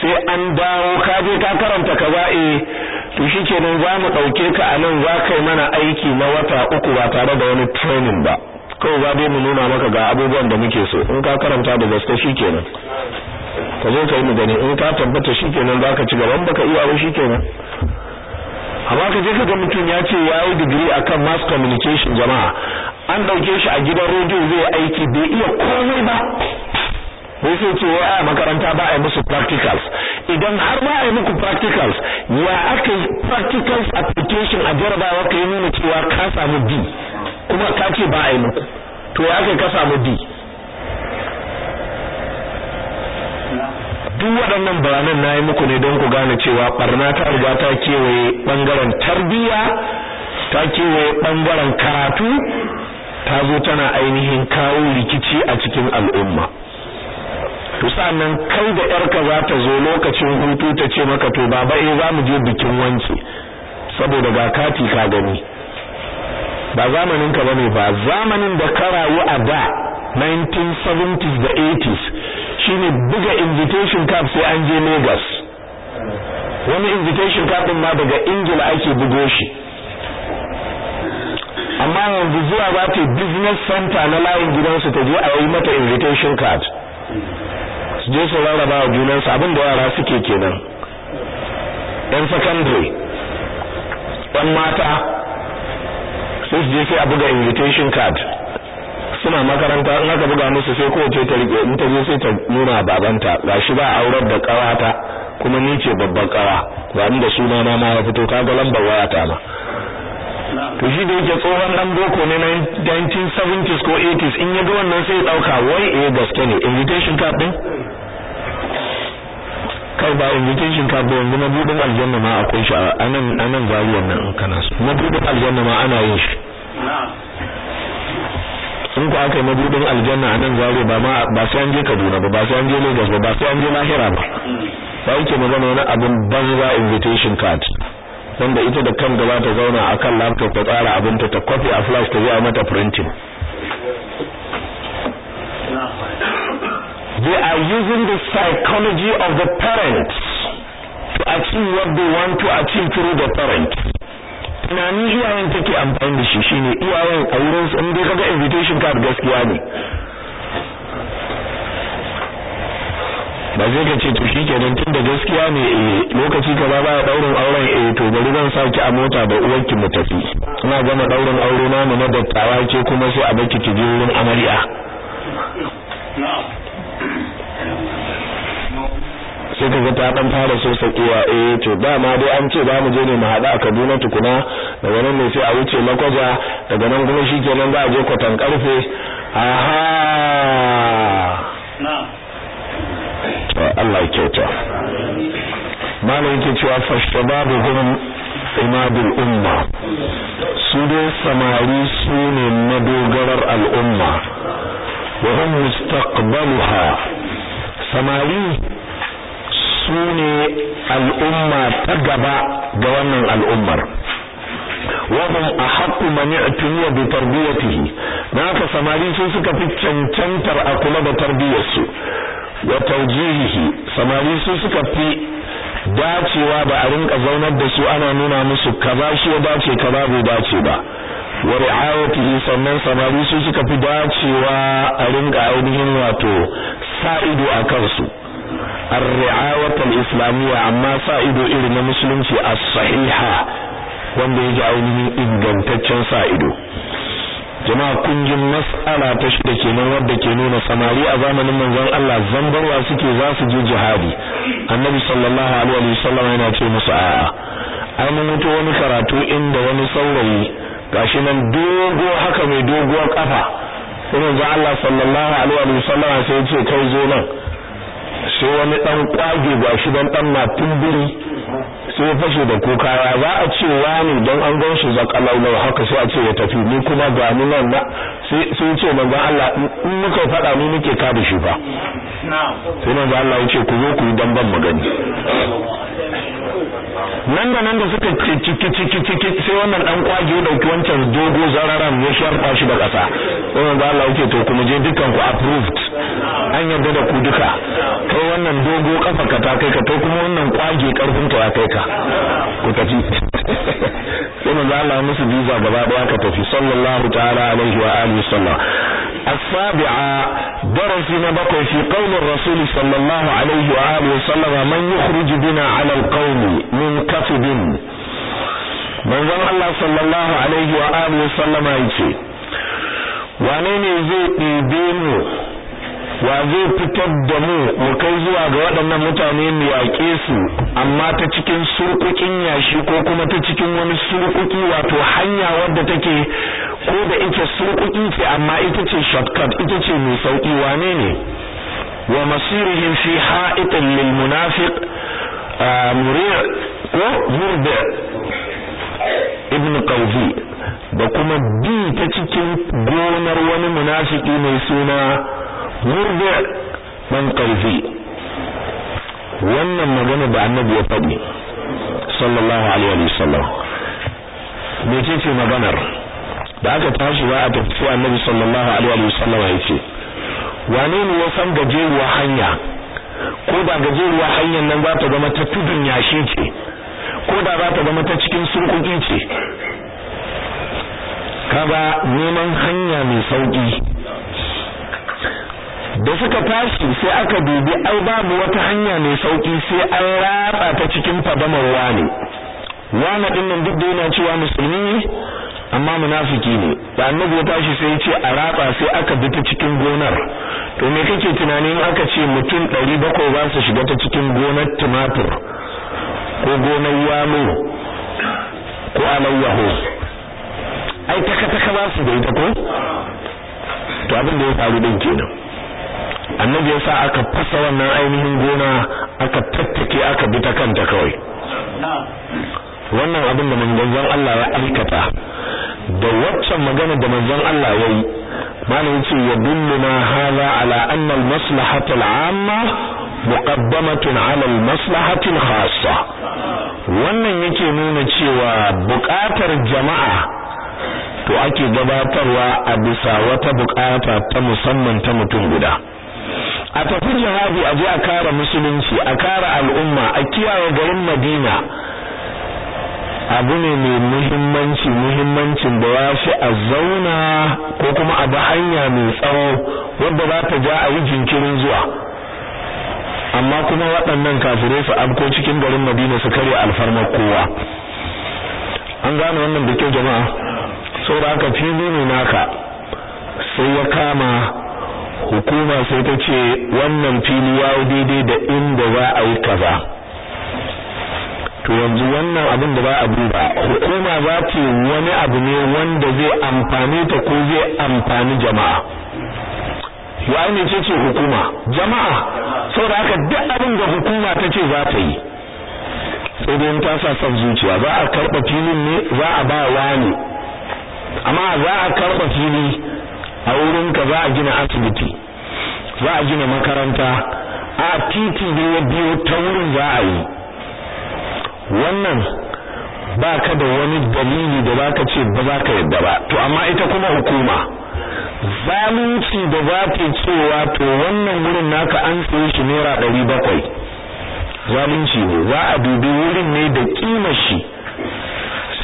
sai an dawo ka je ka karanta kaza eh to shi kenan za mu ɗauke ka a nan za kai mana aiki na wata uku ba tare da wani training ba kawai za dai mu nuna maka ga abubuwan da muke so in ka karanta da gaske shi nan ka zo ka yi mu gani in ka tabbata shi nan za ka ci gaban baka iya ba shi nan amma ka je ka ga mutum ya ce ya yi digiri a kan mass communication jama'a an ɗauke shi a gidan rediyo zai aiki bai iya komai ba wai sai ce wai a makaranta ba a yi musu practicals idan har ba a yi muku practicals ya aka yi practicals application a jarabawa ka yi nuna cewa ka samu D kuma ka ce ba a yi muku to ya aka ka samu D duk waɗannan bayanan na yi muku ne don ku gane cewa ɓarna ta riga ta kewaye ɓangaren tarbiyya ta kewaye ɓangaren karatu ta zo tana ainihin kawo rikici a cikin al'umma to sannan kai da yarka za ta zo lokacin hutu ta ce maka to baba eh za mu je bikin wanki saboda ga kati ka gani ba zamanin ka bane ba zamanin da ka a da 1970s da 80s shine buga invitation card sai an je Lagos wani invitation card din ma daga Ingila ake bugo shi amma yanzu zuwa ba ta business center na layin gidansu ta je a yi mata invitation card su je su rarraba wa junansu abin da yara suke kenan yan secondary yan mata sai su je sai a buga invitation card suna makaranta in aka buga musu sai kowace ta rike in ta je sai ta nuna babanta ga shi ba aurar da karata kuma ni ce babban kara, ba inda suna na ma ya fito kaga lambar wayata ma to shi da yake tsohon dan boko ne 1970s ko 80s in ya ga wannan sai ya dauka wai eh gaske ne invitation card din kai ba invitation card ba yanzu mabudin aljanna ma akwai shi a nan a nan zariyar nan kana so mabudin aljanna ma ana yin shi sun ku aka yi mabudin aljanna a nan zariya ba ma ba sai an je Kaduna ba ba sai an je Lagos ba ba sai an je Lahira ba ba yake magana wani abin banza invitation card wanda ita da kan gaba ta zauna akan laptop ta tsara abinta ta kwafi a flash ta yi a mata printing They are using the psychology of the parents to achieve what they want to achieve through the parent. Tunanin iyayen take amfani da shi shi iyayen a wurin in dai kaga invitation card gaskiya ne. ba zai gace to shi nan tun da gaskiya ne eh, lokaci kaza ba ya daurin auren eh to bari zan sa ki a mota da uwarki mu tafi ina gama daurin aure na mu na dattawa ke kuma sai a baki ki je wurin amarya sai ka ta dan fara so sakewa eh to ma dai an ce ba mu je ne mu hada a Kaduna tukuna daga nan ne sai a wuce Makwaja daga nan kuma shikenan za a je kwatan karfe aha to Allah ya ta malam yake cewa babu gurin imadul umma su dai samari su ne na madogarar al'umma wa hum mustaqbaluha samari sune al'umma ta gaba ga wannan al'ummar wahum ahaqqu man i'tiniya bi tarbiyatihi naka samari sun suka fi cancantar a kula da tarbiyarsu wa tawjihihi samari sun suka fi dacewa da a rinka zaunar da su ana nuna musu kaza shi ya dace kaza bai dace ba wa ri'ayatihi sannan samari su suka fi dacewa a ringa ainihin wato sa'idu a kansu ar-ri'ayatul islamiyya amma sa'idu ido irin na musulunci as-sahiha wanda yake ainihin ingantaccen sa'idu. jama'a jama'a ji mas'ala ta da kenan wadda ke nuna samari a zamanin manzon Allah zambarwa suke za su je jihadi annabi sallallahu alaihi wasallam yana ce musu a'a An mun mutu wani karatu inda wani saurayi gashi nan dogo haka mai doguwar kafa sai manzo Allah sallallahu alaihi wasallam sai ya ce kai zo nan sai wani dan kwage gashi dan dan na tumbiri sai ya fashe da kuka ya za a ce wani don an gan shi zakalalau haka sai a ce ya tafi ni kuma ga ni nan na sai ce manzo Allah in muka faɗa ni muke ka da shi ba sai manzo Allah ya ce ku zo ku yi damban magani nan da nan da suka ciki ciki ciki sai wannan dan kwage ya dauki wancan dogo zararan ya sharfa shi da kasa sai manzo Allah ya ce to kuma je dukan ku approved an yarda da ku duka kai wannan dogo kafa ka ta kai ka to kuma wannan kwage karfin ta ya kai ka ku tafi sai manzo Allah musu visa gaba daya ka tafi sallallahu ta'ala alaihi wa alihi sallam السابعة درس نبقى في manzon Allah sallallahu alaihi wa alihi sallama yace wane ne zai ɗebe mu wa zai fitar da mu mu kai zuwa ga waɗannan mutane mu yaƙe su amma ta cikin surkukin yashi ko kuma ta cikin wani surkuki wato hanya wadda take ko da ita surkuki ce amma ita ce shortcut ita ce mai sauki wane ne wa masirihim fi ha'itin lil munafiq muri' ko murda ibn qawzi da kuma bi ta cikin gonar wani munafiki mai suna murdi dan qalfi wannan magana da annabi ya faɗi sallallahu alaihi wasallam mece ce maganar da aka tashi ba a tafi annabi sallallahu alaihi wasallam ya ce wane ne ya san gajeruwa hanya ko ba gajeruwa hanyar nan za ta zama ta tudun yashi ce ko da za ta zama ta cikin surkuki ce kaga neman hanya mai sauki da suka tashi sai aka dubi ai babu wata hanya mai sauki sai an raba ta cikin fadamar wani wani din nan duk da yana cewa musulmi ne amma munafiki ne da annabi ya tashi sai ya ce a raba sai aka bi ta cikin gonar to me kake tunani in aka ce mutum 700 za su shiga ta cikin gonar tumatur ko gonar yalo ko alayyaho ai taka taka ba su da ita ko to abin da ya faru din kenan annabi ya sa aka fasa wannan ainihin gona aka tattake aka bi ta kanta kawai wannan abin da manzon Allah ya aikata da waccan magana da manzon Allah ya yi malamin ce ya dulluna hala ala anna al-maslahatu al-amma muqaddamatun ala al-maslahati al-khassa wannan yake nuna cewa buƙatar jama'a to ake gabatarwa a bisa wata buƙata ta musamman ta mutum guda a tafi jihadi a je a kare musulunci a kare al'umma a kiyaye garin madina abu ne mai muhimmanci muhimmancin da ya fi a zauna ko kuma a hanya mai tsawo wadda za ta ja a yi jinkirin zuwa amma kuma waɗannan kafirai su abko cikin garin madina su karya alfarmar kowa an gane wannan da kyau jama'a saboda haka fili ne naka sai ya kama hukuma sai ta ce wannan fili ya daidai da inda za a yi kaza to yanzu wannan abin da za a duba hukuma za ta wani abu ne wanda zai amfani ta ko zai amfani jama'a ya ne ce ce hukuma jama'a saboda haka duk abin da hukuma ta ce za ta yi sai dai ta sa san zuciya za a karɓa filin ne za a ba wani amma za a karɓa fili a wurinka za a gina asibiti za a gina makaranta a titi da ya biyo ta wurin za a yi wannan ba ka da wani dalili da za ka ce ba za ka yadda ba to amma ita kuma hukuma zalunci da za ta cewa to wannan wurin naka an sayi shi naira ɗari bakwai zalunci ne za a dubi wurin ne da ƙimar shi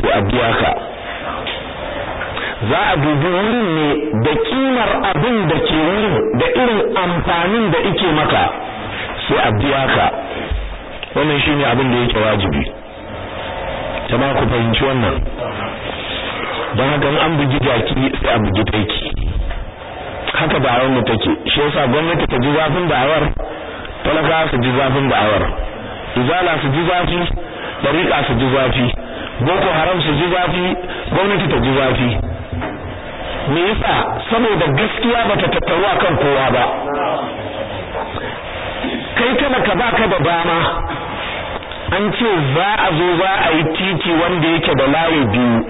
sai a biya ka za a dubi wurin ne da kimar abin da ke wurin da irin amfanin da ike maka sai a biya ka wannan shine abin da yake wajibi ma ku fahimci wannan don haka an bugi jaki sai a bugi taiki haka da mu take shi yasa gwamnati ta ji zafin da'awar talaka su ji zafin da'awar izala su ji zafi dariƙa su ji zafi boko haram su ji zafi gwamnati ta ji zafi me yasa saboda gaskiya bata tattaru akan kowa ba kai ka baka da dama an ce za a zo za a yi titi wanda yake da layi biyu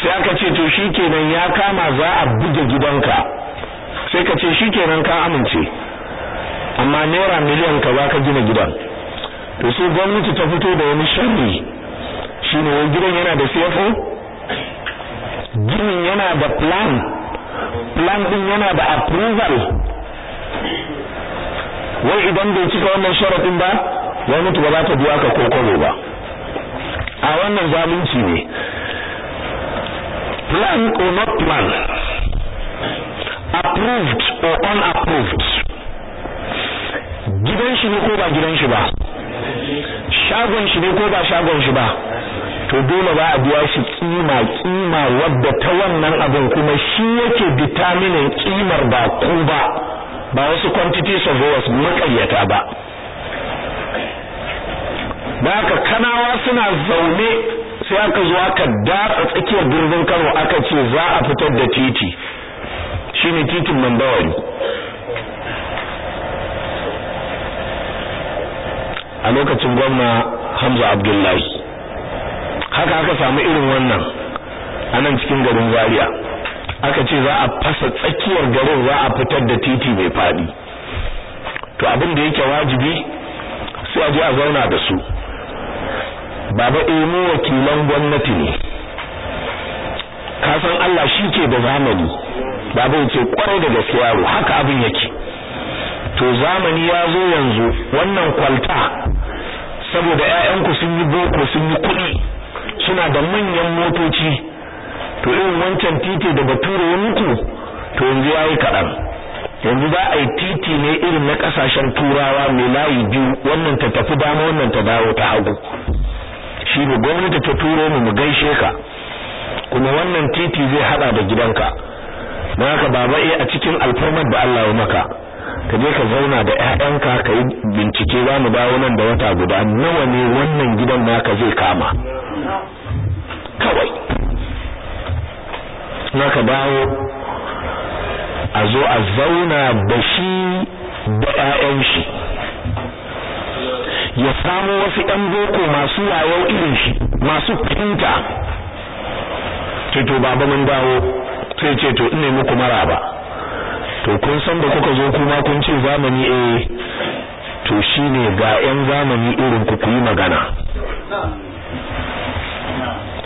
sai aka ce to shikenan ya kama za a buge gidanka sai ka ce shikenan ka amince amma naira miliyan ka za ka gina gidan to sai gwamnati ta fito da wani sharri shine wai gidan yana da CFO ginin yana da plan plan din yana da approval wai idan bai cika wannan sharaɗin ba wai mutu ba za ta biya ka kokoro ba a wannan zalunci ne plan or not plan approved or unapproved gidan shi ne ko ba gidan shi ba shagon shi ne ko ba shagon shi ba to dole ba a biya shi kima kima wadda ta wannan abin kuma shi yake determining kimar ba ku ba ba wasu quantities of hours makayyata ba Ba ka kanawa suna zaune sai aka zo aka dafa tsakiyar birnin Kano aka ce za a fitar da titi shine titin Mandawari a lokacin gwamna Hamza Abdullahi haka aka samu irin wannan a nan cikin garin zaria aka ce za a fasa tsakiyar garin za a fitar da titi mai faɗi to abin da yake wajibi sai a je a zauna da su baba emu eh, wakilan gwamnati ne ka san Allah shi ke da zamani baba yake kwarai da gaskiya haka abin yake to zamani ya zo yanzu wannan kwalta saboda ƴaƴanku sun yi boko sun yi kuɗi suna da manyan motoci to irin wancan titi da bature ya muku to yanzu ya yi kaɗan yanzu za a yi titi ne irin na ƙasashen turawa mai layi biyu wannan ta tafi dama wannan ta dawo ta hagu shi ne gwamnati ta turo mu mu gaishe ka kuma wannan titi zai haɗa da gidanka don haka baba eh a cikin alfarmar da Allah ya maka ka je ka zauna da ƴaƴanka ka yi bincike za mu dawo nan da wata guda nawa ne wannan gidan naka zai kama kawai na ka dawo a zo a zauna da shi da 'ya'yan shi ya samu wasu 'yan boko masu wayo irin shi masu fahimta ce to baba mun dawo sai ce to ina muku ba to kun san da kuka zo kuma kun ce zamani eh to shine ga 'yan zamani irin ku ku yi magana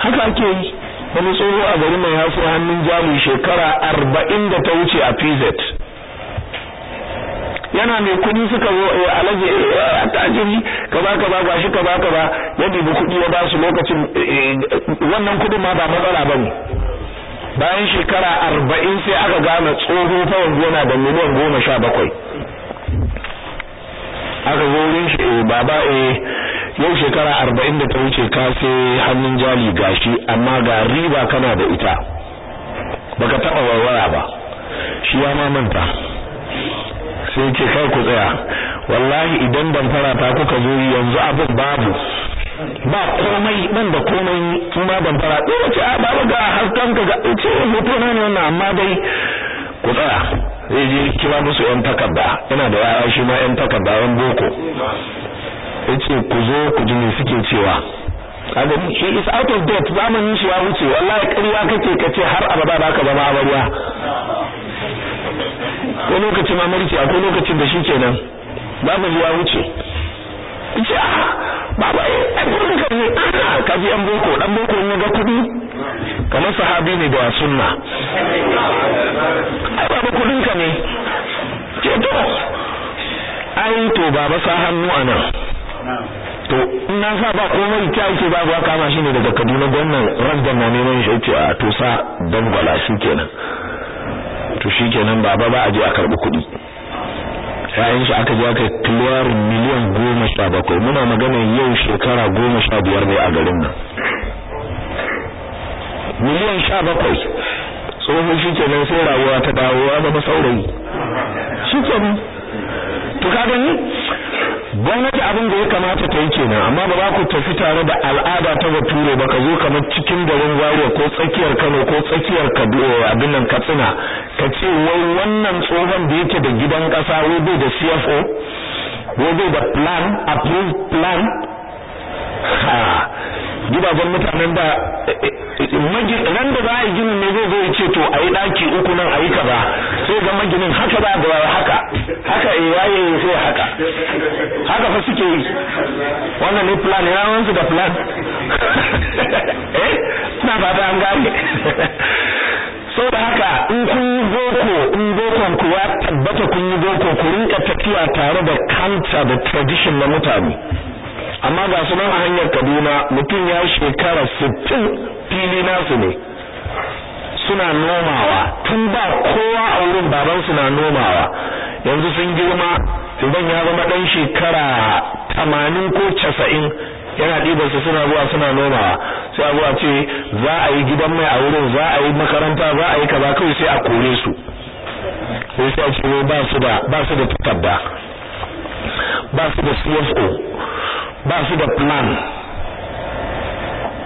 haka ake yi wani tsoho a gari mai hafi hannun jami shekara arba'in da ta wuce a pz yana mai kudi suka zo a eh, alaji eh, a tajiri ka ba ka ba ba shi ka ba ka ba ya dubi kudi ya ba su lokacin eh, wannan kudin ma ba matsala ba ne bayan shekara arba'in sai aka gane tsoho ta yanzu yana da miliyan goma sha bakwai aka zo wurin shi baba yau shekara arba'in da ta wuce ka sai hannun jali gashi amma ga riba kana da ita baka taba warwara ba shi ya ma manta sai ce kai ku tsaya wallahi idan ban fara ta kuka zo yanzu abin babu ba komai ban da komai kuma ban fara dole ce a ah, babu ga ka ga ce hoto na ne amma dai ku tsaya zai je kira musu yan takarda yana da yaya shi ma yan takarda yan boko yace ku zo ku ji me suke cewa kaga he is out of date zamanin shi ya wuce wallahi ƙarya kake kace har abada baka zama amarya ko lokacin mamarki akwai lokacin da shi kenan zamani ya wuce ce ah, baba eh, ai kuɗin ka ne ah, ka ji yan boko dan boko ne ga kuɗi kamar sahabi ne da sunna ai baba kuɗin ka ne ce to ai to baba sa hannu anan to ina sa ba komai ta yake ba ba kama shi ne daga Kaduna gwamnan rabban na neman shi yace a to sa dan gwala shi kenan to shi kenan baba ba a je a karbi kuɗi sai shi aka je aka kiliyar miliyan goma sha bakwai muna magana yau shekara goma sha biyar ne a garin nan miliyan sha bakwai tsohon shi kenan sai rayuwa ta dawo ya zama saurayi shi to ka gani gwamnati abin da ya kamata ta yi kenan amma ba za ku tafi tare da al'ada ta bature ba ka zo kamar cikin garin Zaria ko tsakiyar Kano ko tsakiyar Kaduna abin nan Katsina ka ce wai wannan tsohon da yake da gidan kasa wai bai da CFO wai bai da plan approved plan ha gidajen mutanen da nan eh, eh, da za a yi ginin ne zai zo ya ce to a yi ɗaki uku nan a yi ba sai ga maginin haka ba da haka haka eh waye sai haka haka fa suke yi wannan ne plan ya wanzu da plan eh na ba an gane da haka in kun yi boko in bokon ku ya tabbata kun yi boko ku rinka tafiya tare da kanta da tradition na mutane amma ga su nan a hanyar Kaduna mutum ya shekara sittin fili nasu ne suna nomawa tun ba kowa a wurin baban su na nomawa yanzu sun girma idan ya zama dan shekara tamanin ko casa'in yana ɗibar su suna zuwa suna nomawa sai a ce za a yi gidan mai a wurin za a yi makaranta za a yi kaza kawai sai a kore su sai sai a ce ba su da ba su da ba su da CFO ba su da plan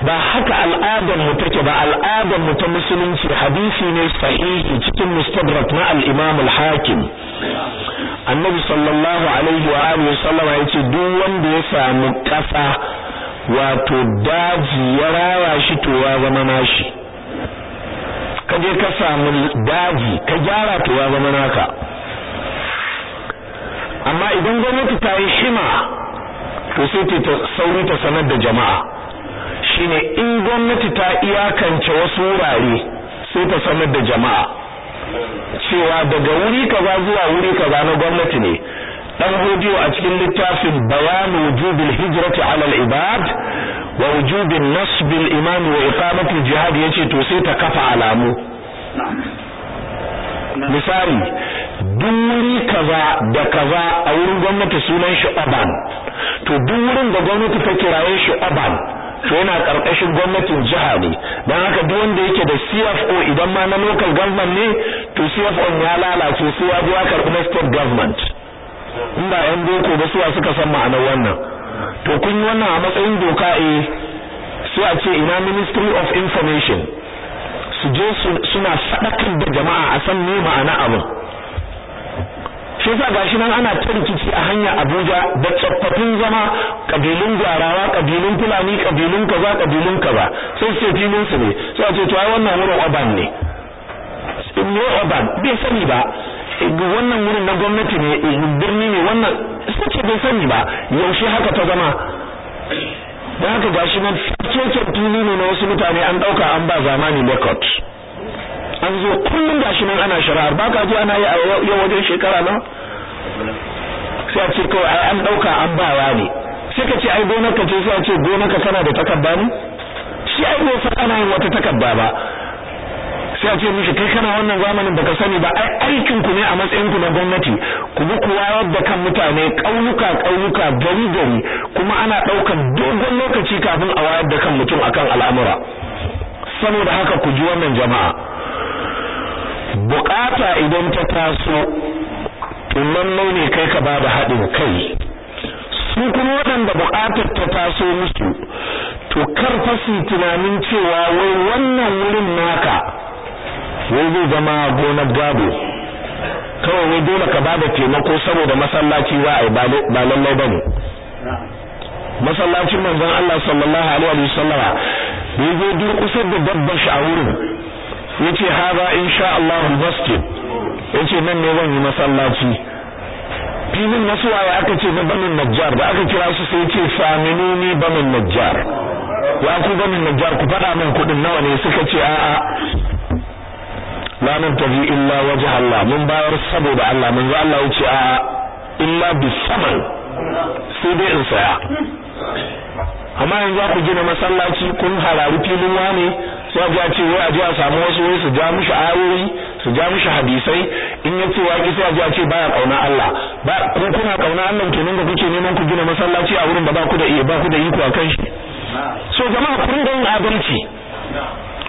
ba haka al'adar mu take ba al'adar mu ta musulunci hadisi ne sahihi cikin mustadrak na al-Imam al-Hakim Annabi sallallahu alaihi wa alihi sallama yace duk wanda ya samu kasa wato daji ya rawa shi to ya zama nashi ka je ka samu daji ka gyara to ya zama naka amma idan gwamnati ta yi shima to sai ta sauri ta sanar da jama'a shine in gwamnati ta iyakance wasu wurare sai ta sanar da jama'a cewa daga wuri kaza zuwa wuri kaza na gwamnati ne dan hodiyo a cikin littafin bayan wujubil hijrati ala al ibad wa wujubin nasb al iman wa iqamati jihad yace to sai ta kafa alamu misali duk wuri kaza da kaza a wurin gwamnati sunan shi Oban to duk wurin da gwamnati ta kiraye shi Oban to yana karkashin gwamnatin jiha ne dan haka duk wanda yake da CFO idan ma na local government ne to CFO ya lalace sai ya biya karɓi state government in ba yan boko ba suwa suka san ma'anar wannan to kun yi wannan a matsayin doka eh sai a ce ina ministry of information su je suna sadakar da jama'a a san me ma'ana abin Sai sa gashi nan ana ta rikici a hanya Abuja da tsofaffin zama kabilun jarawa kabilun Fulani kabilun kaza kabilun kaza sai su filin su ne sai a ce to ai wannan wurin Oban ne in ne Oban bai sani ba wannan wurin na gwamnati ne birni ne wannan sai ce bai sani ba yaushe haka ta zama don haka gashi nan keken fili ne na wasu mutane an ɗauka an ba zamani record an zo kullum gashi nan ana shari'ar ba ka ji ana yi a yau wajen shekara na sai a ce kawai an ɗauka an ba wa ne sai ka ce ai gonar ka ce sai a ce gonar ka kana da takarda ne shi ai ne ana yin wata takarda ba sai a ce mishi kai kana wannan zamanin da ka sani ba ai aikin ku ne a matsayin ku na gwamnati ku bi ku wayar da kan mutane kauyuka kauyuka gari gari kuma ana ɗaukar dogon lokaci kafin a wayar da kan mutum akan al'amura saboda haka ku ji wannan jama'a bukata idan ta taso tunan lallai ne kai ka bada haɗin kai su kuma waɗanda buƙatar ta taso musu to kar fa tunanin cewa wai wannan wurin naka wai zai zama gonar gado kawai wai dole ka bada taimako saboda masallaci wa ai ba lallai ba bane masallacin manzon Allah sallallahu alaihi wa sallama ya zo durkusar da dabbar shi a wurin yace haza insha Allah masjid yace nan ne zan yi masallaci filin nasuwa ya aka ce na banin najjar da aka kira su sai ce saminuni banin najjar ya ku banin najjar ku faɗa min kuɗin nawa ne suka ce a'a la tafi illa wajha Allah mun bayar saboda Allah manzo Allah yace a illa bisaman sai dai in saya amma yanzu ku gina masallaci kun harari filin wani sai ga ce wai a je a samu wasu wai su ja mushi ayoyi su ja mushi hadisai in ya ce waki sai a je a ce baya kauna Allah ba ku kuna kauna Allah kenan da kuke neman ku gina masallaci a wurin da ba ku da iya ba ku da iko shi so jama'a kun ga adalci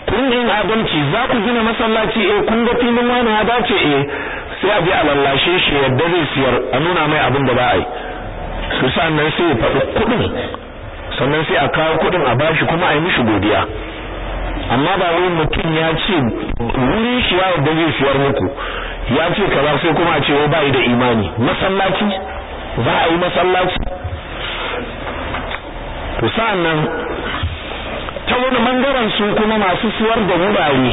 kun yin adalci za ku gina masallaci eh kun ga filin wani ya dace eh sai a je a lallashe shi yadda zai siyar a nuna mai abin da ba a yi su sannan sai ya faɗi kuɗin sannan sai a kawo kuɗin a bashi kuma a yi mishi godiya amma ba wai mutum ya ce wurin shi ya yadda zai siyar muku ya ce kaza sai kuma a ce wai ba da imani masallaci za a yi masallaci to nan. ta wani bangaren su kuma masu siyar da wurare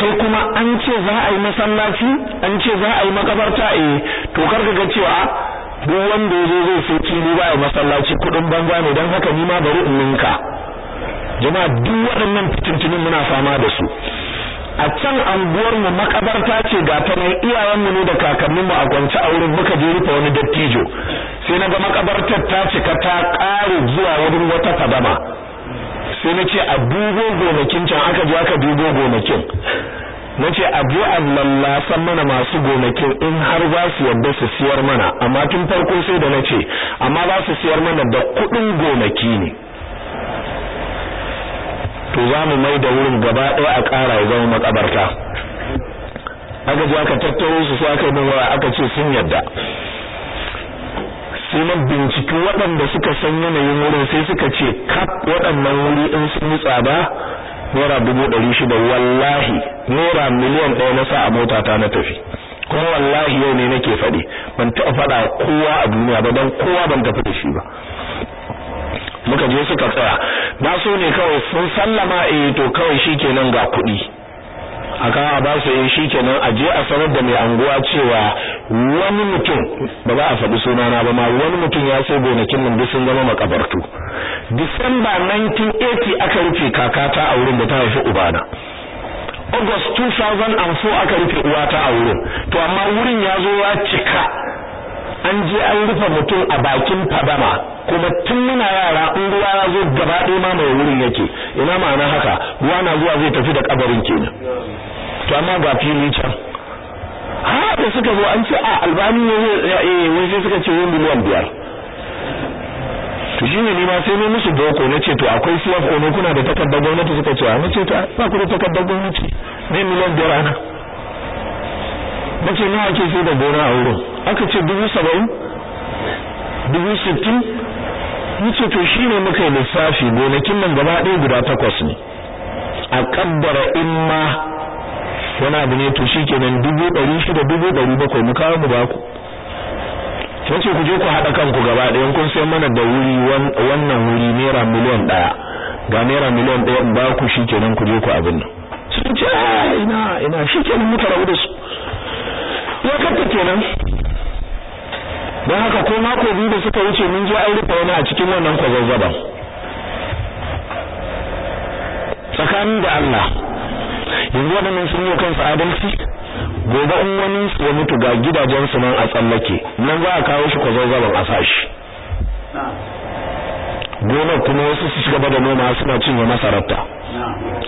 kai kuma an ce za a yi masallaci an ce za a yi makabarta eh to karka ga cewa duk wanda ya zo zai soki ne ba masallaci kudin banza ne don haka ni ma bari in ninka jama'a duk waɗannan fitintunin muna fama da su a can anguwarmu mu makabarta ce ga ta mai iyayen ne da kakanninmu a kwance a wurin muka je rufe wani dattijo sai na ga makabartar ta cika ta ƙare zuwa wurin wata kadama sai na ce a dubo gonakin can aka je aka dubo gonakin na ce a je a lallasan mana masu gonakin in har za su yadda su siyar mana amma tun farko sai da na ce amma za su siyar mana da kuɗin gonaki ne to za mu mai da wurin gaba ɗaya a ƙara ya zama makabarta aka je aka tattaro su sai aka yi aka ce sun yadda sai na binciki waɗanda suka san yanayin wurin sai suka ce kaf waɗannan wuri in sun yi tsada naira dubu ɗari shida wallahi naira miliyan ɗaya na sa a mota ta na tafi kuma wallahi yau ne nake faɗi ban taɓa faɗa kowa a duniya ba don kowa ban tafi da shi ba muka je suka tsaya na so ne kawai sun sallama eh to kawai shi shikenan ga kuɗi a kawo ba su yi eh, shi kenan a je a sanar da mai anguwa cewa wani mutum ba za a faɗi suna na ba ma wani mutum ya sai gonakin nan sun zama makabartu Disamba 1980 aka rufe kakata a wurin da ta haifi ubana August 2004 aka rufe uwata a wurin to amma wurin ya zo ya cika an je an rufe mutum a bakin fadama kuma tun muna yara in ruwa ya zo gaba ɗaya ma mai wurin yake ina ma'ana haka ruwa na zuwa zai tafi da kabarin kenan to amma ga fili can haka da suka zo an ce a ah, albani ne eh, wai sai suka ce wai miliyan biyar to shi ne ma sai ne musu doko na ce to akwai CFO ne kuna da takardar gwamnati suka ce ah, na ce to ah, ba ku da takardar gwamnati ne miliyan biyar ana na ce nawa ke sai da gona a wurin aka ce dubu saba'in dubu sittin ni ce to shi ne muka yi lissafi gonakin nan gaba ɗaya guda takwas ne a kaddara in ma wani abu ne to shikenan dubu ɗari shida dubu ɗari bakwai mu kawo mu ba ku ce ku je ku haɗa kanku gaba ɗaya kun sai mana da wuri wannan wuri naira miliyan ɗaya ga naira miliyan ɗaya in ba ku shikenan ku je ku abin nan sun ce ah, ina ina shikenan muka rabu da su ya kanta kenan don haka ko mako biyu da suka wuce mun je aure rufe wani a cikin wannan kwazazzaban tsakanin da Allah yanzu waɗannan sun yi kansu adalci gobe in wani ya mutu ga gidajen su nan a tsallake nan za a kawo shi kwazazzaban a sashi gonar kuma wasu su shiga da noma suna cinye masararta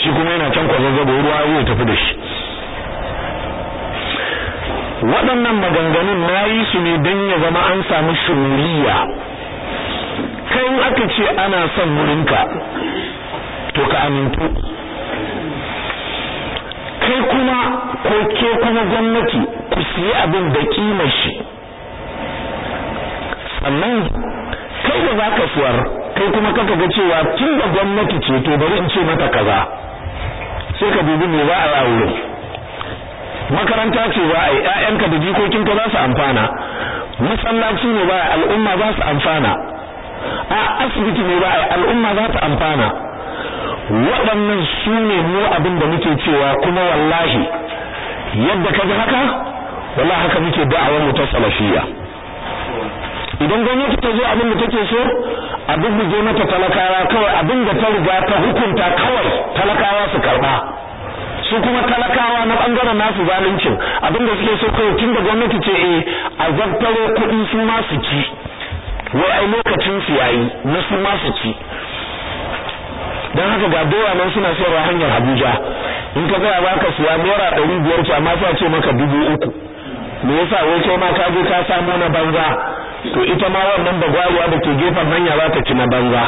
shi kuma yana can kwazazzabo ruwa ya tafi da shi waɗannan maganganun na yi su ne don ya zama an samu shumuliya kai aka ce ana son wurinka to ka amintu kai kuma ko ke kuma gwamnati ku siye abin da kima shi sannan kai da za ka suwar kai kuma kaka ga cewa tun da gwamnati ce to bari in ce mata kaza sai ka dubi me za a yi wurin makaranta ce za a yi ƴaƴanka da jikokinka za su amfana masallaci ne ba al'umma za su amfana a asibiti ne ba al'umma za su amfana waɗannan su ne mu abin da muke cewa kuma wallahi yadda ka ji haka wallahi haka muke da'awar mu ta salafiya. idan gwamnati ta zo abin da take so a zai mata talakawa kawai abin da ta riga ta hukunta kawai talakawa su karba su kuma talakawa na bangaren nasu zaluncin abin da suke so kawai tun da gwamnati ce e a zartaro kuɗi su ma ci wai ai lokacin su yayi na su masu ci don haka ga doya nan suna sayarwa hanyar Abuja in ka tsaya baka siya naira ɗari biyar ce amma sa ce maka dubu uku me yasa wai kai ma ka je ka samo na banza to ita ma wannan bagwariya da ke gefen hanya za ta ci na banza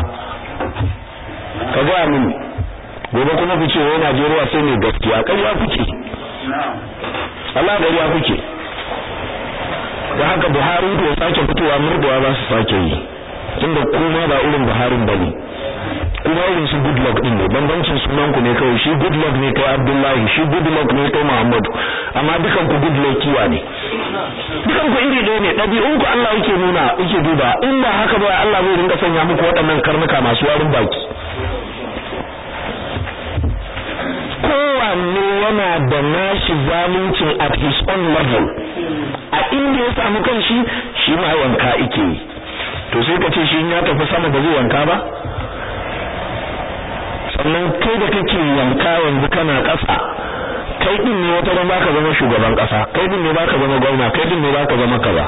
ka gaya mini gobe kuma ku ce wai Najeriya sai mai gaskiya ƙarya kuke Allah ya kuke da haka Buhari da sake fitowa murdewa za su sake yi tunda kuma ba irin Buharin bane kuma su good luck din ne bambancin sunan ku ne kawai shi good luck ne kai abdullahi shi good luck ne kai muhammadu amma dukan ku good luck kiwa ne dukan ku iri ɗaya ne ɗabi'un ku Allah yake nuna yake duba in ba haka ba Allah zai rinka sanya muku waɗannan karnuka masu warin baki kowanne yana da nashi zaluncin at his own level a inda ya samu kanshi shi ma wanka yake to sai ka ce shi in ya tafi sama ba zai wanka ba sannan kai da kake yanka yanzu kana kasa kai din ne wata ran baka zama shugaban ƙasa kai din ne baka zama gwamna kai din ne baka zama kaza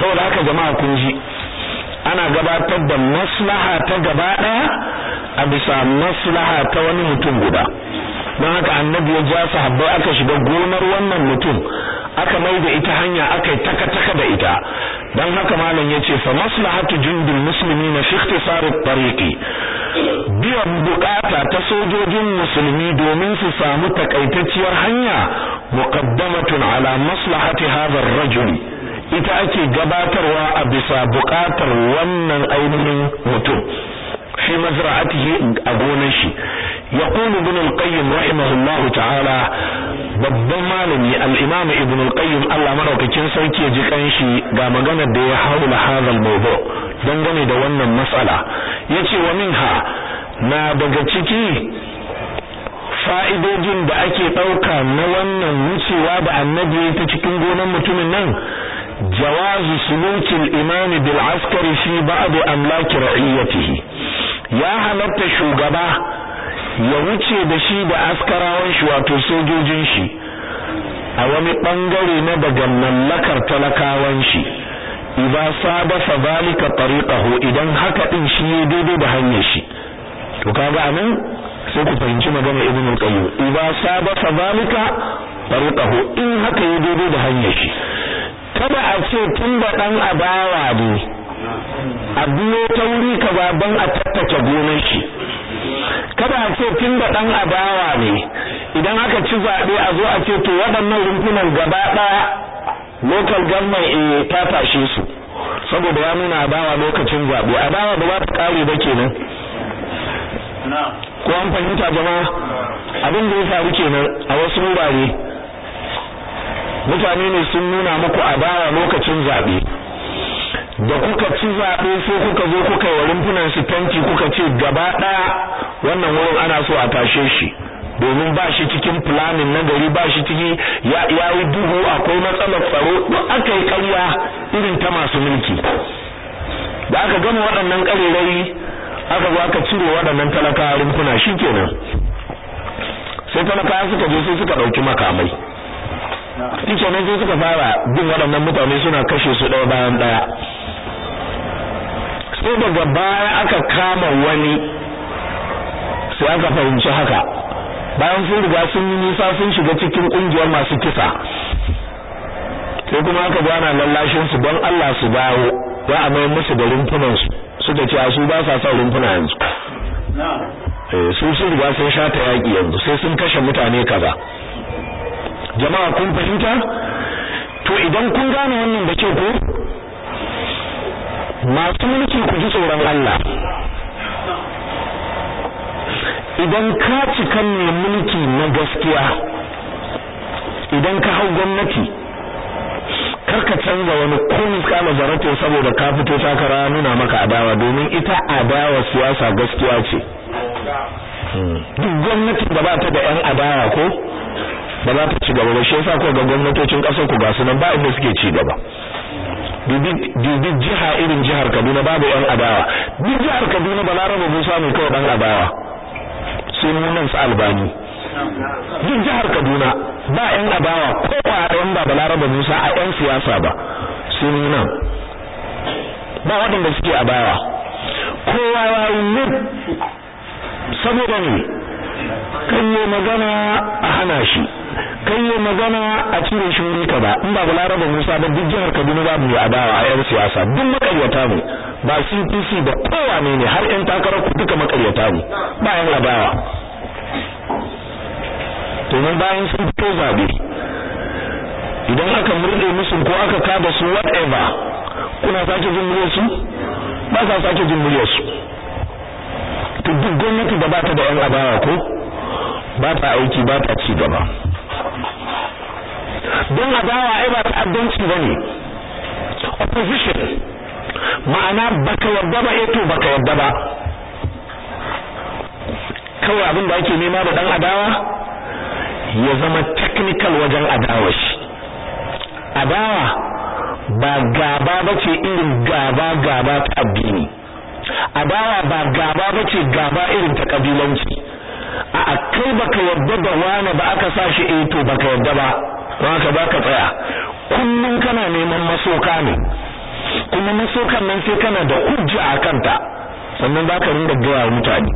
saboda haka jama'a kun ji ana gabatar da maslaha ta gaba ɗaya a bisa maslaha ta wani mutum guda don haka annabi ya ja sahabbai aka shiga gonar wannan mutum aka mai da ita hanya aka yi taka-taka da ita don haka malam ya ce fa maslahatu jundul musulmi na fi ikhtisarar tariki biyan bukata ta sojojin musulmi domin su samu takaitacciyar hanya muqaddamatun ala maslahati hadha rajuli ita ake gabatarwa a bisa bukatar wannan ainihin mutum fi mazra'atihi a gonar shi yaqulu ibn al-qayyim rahimahullahu ta'ala babban malami al-imam ibn al-qayyim Allah madaukakin sarki ji kanshi ga maganar da ya haula hadha al-mawdu dangane da wannan matsala yace wa minha na daga ciki fa'idojin da ake dauka na wannan wucewa da annabi ta cikin gonar mutumin nan jawazu sulukil imami bil askari fi ba'd amlaki ra'iyatihi ya halarta shugaba ya wuce da shi da askarawan shi wato sojojin shi a wani ɓangare na daga mallakar talakawan shi idan saba fa zalika tariqahu idan haka din shi ne daidai da hanyar shi to kaga anan sai ku fahimci magana ibn al saba in haka ya dodo da hanyar shi kada a ce tun da ɗan abawa ne a biyo ta wuri ka baban a tattace gonar shi kada a ce tun da ɗan abawa ne idan aka ci zaɓe a zo a ce to waɗannan rumfunan gaba ɗaya local government eh ta tashe su saboda ya nuna abawa lokacin zaɓe abawa ba za ta ƙare ba kenan ko an fahimta jama'a abin da ya faru kenan a wasu wurare mutane ne sun nuna muku a baya lokacin zaɓe da kuka ci zaɓe sai kuka zo kuka yi rumfunan su tanki kuka ce gaba ɗaya wannan wurin ana so a tashe shi domin ba shi cikin planin na gari ba shi ciki ya yi duhu akwai matsalar tsaro duk aka yi ƙarya irin ta masu mulki da aka gama waɗannan ƙarerai aka zo aka cire waɗannan talakawa rumfuna shi kenan sai talakawa suka je sai suka ɗauki makamai shi kenan sai suka fara bin waɗannan mutane suna kashe su ɗaya bayan ɗaya sai daga baya aka kama wani sai aka fahimci haka bayan sun riga sun yi nisa sun shiga cikin ƙungiyar masu kisa sai kuma aka gana lallashin su don Allah su dawo za a mai musu da rumfunan su suka ce su ba sa son rumfuna yanzu eh, su sun riga sun sha ta yaƙi yanzu sai sun kashe mutane kaza jama'a kun fahimta to idan kun gane wannan da kyau ko masu mulki ku ji tsoron Allah idan ka cika ne mulki na gaskiya idan ka hau gwamnati karka canza wani kun kama zarato saboda ka fito takara nuna maka adawa domin ita adawa siyasa gaskiya ce hmm. duk gwamnatin da ba ta da 'yan adawa ko ba za ta ci gaba ba shi yasa ko ga gwamnatocin kasar ku ga su nan ba inda suke ci gaba dubi jiha irin jihar Kaduna babu yan adawa duk jihar Kaduna laraba Musa samu kawai dan adawa sai mu nan su albani duk jihar Kaduna ba yan adawa ko ba yan ba Balaraba Musa a yan siyasa ba sai mu nan ba waɗanda suke adawa kowa ya yi saboda ne kan yi magana a hana shi kan yi magana a cire shi wuri ba in ba laraba musa ba duk jihar kaduna mu yi adawa a yan siyasa duk makaryata ne ba cpc ba kowa ne ne har yan takarar ku duka makaryata ne ba yan adawa domin bayan sun fito zabe idan aka murde musu ko aka kada su whatever kuna sake jin muryarsu ba sa sake jin muryarsu to duk gwamnati da bata ta da yan adawa ko ba ta aiki ba ci gaba don adawa ai ba ta'addanci bane opposition ma'ana baka yarda ba eh to baka yarda ba kawai abin da ake nema da dan adawa ya zama technical wajen adawa shi adawa ba gaba bace irin gaba gaba ta addini adawa ba gaba ba bace gaba irin ta kabilanci a kai baka yadda da wani ba aka sa shi eh to baka yadda ba don haka baka tsaya kullum kana neman masoka ne kuma masokan nan sai kana da hujja a kanta sannan zaka rinda gaya mutane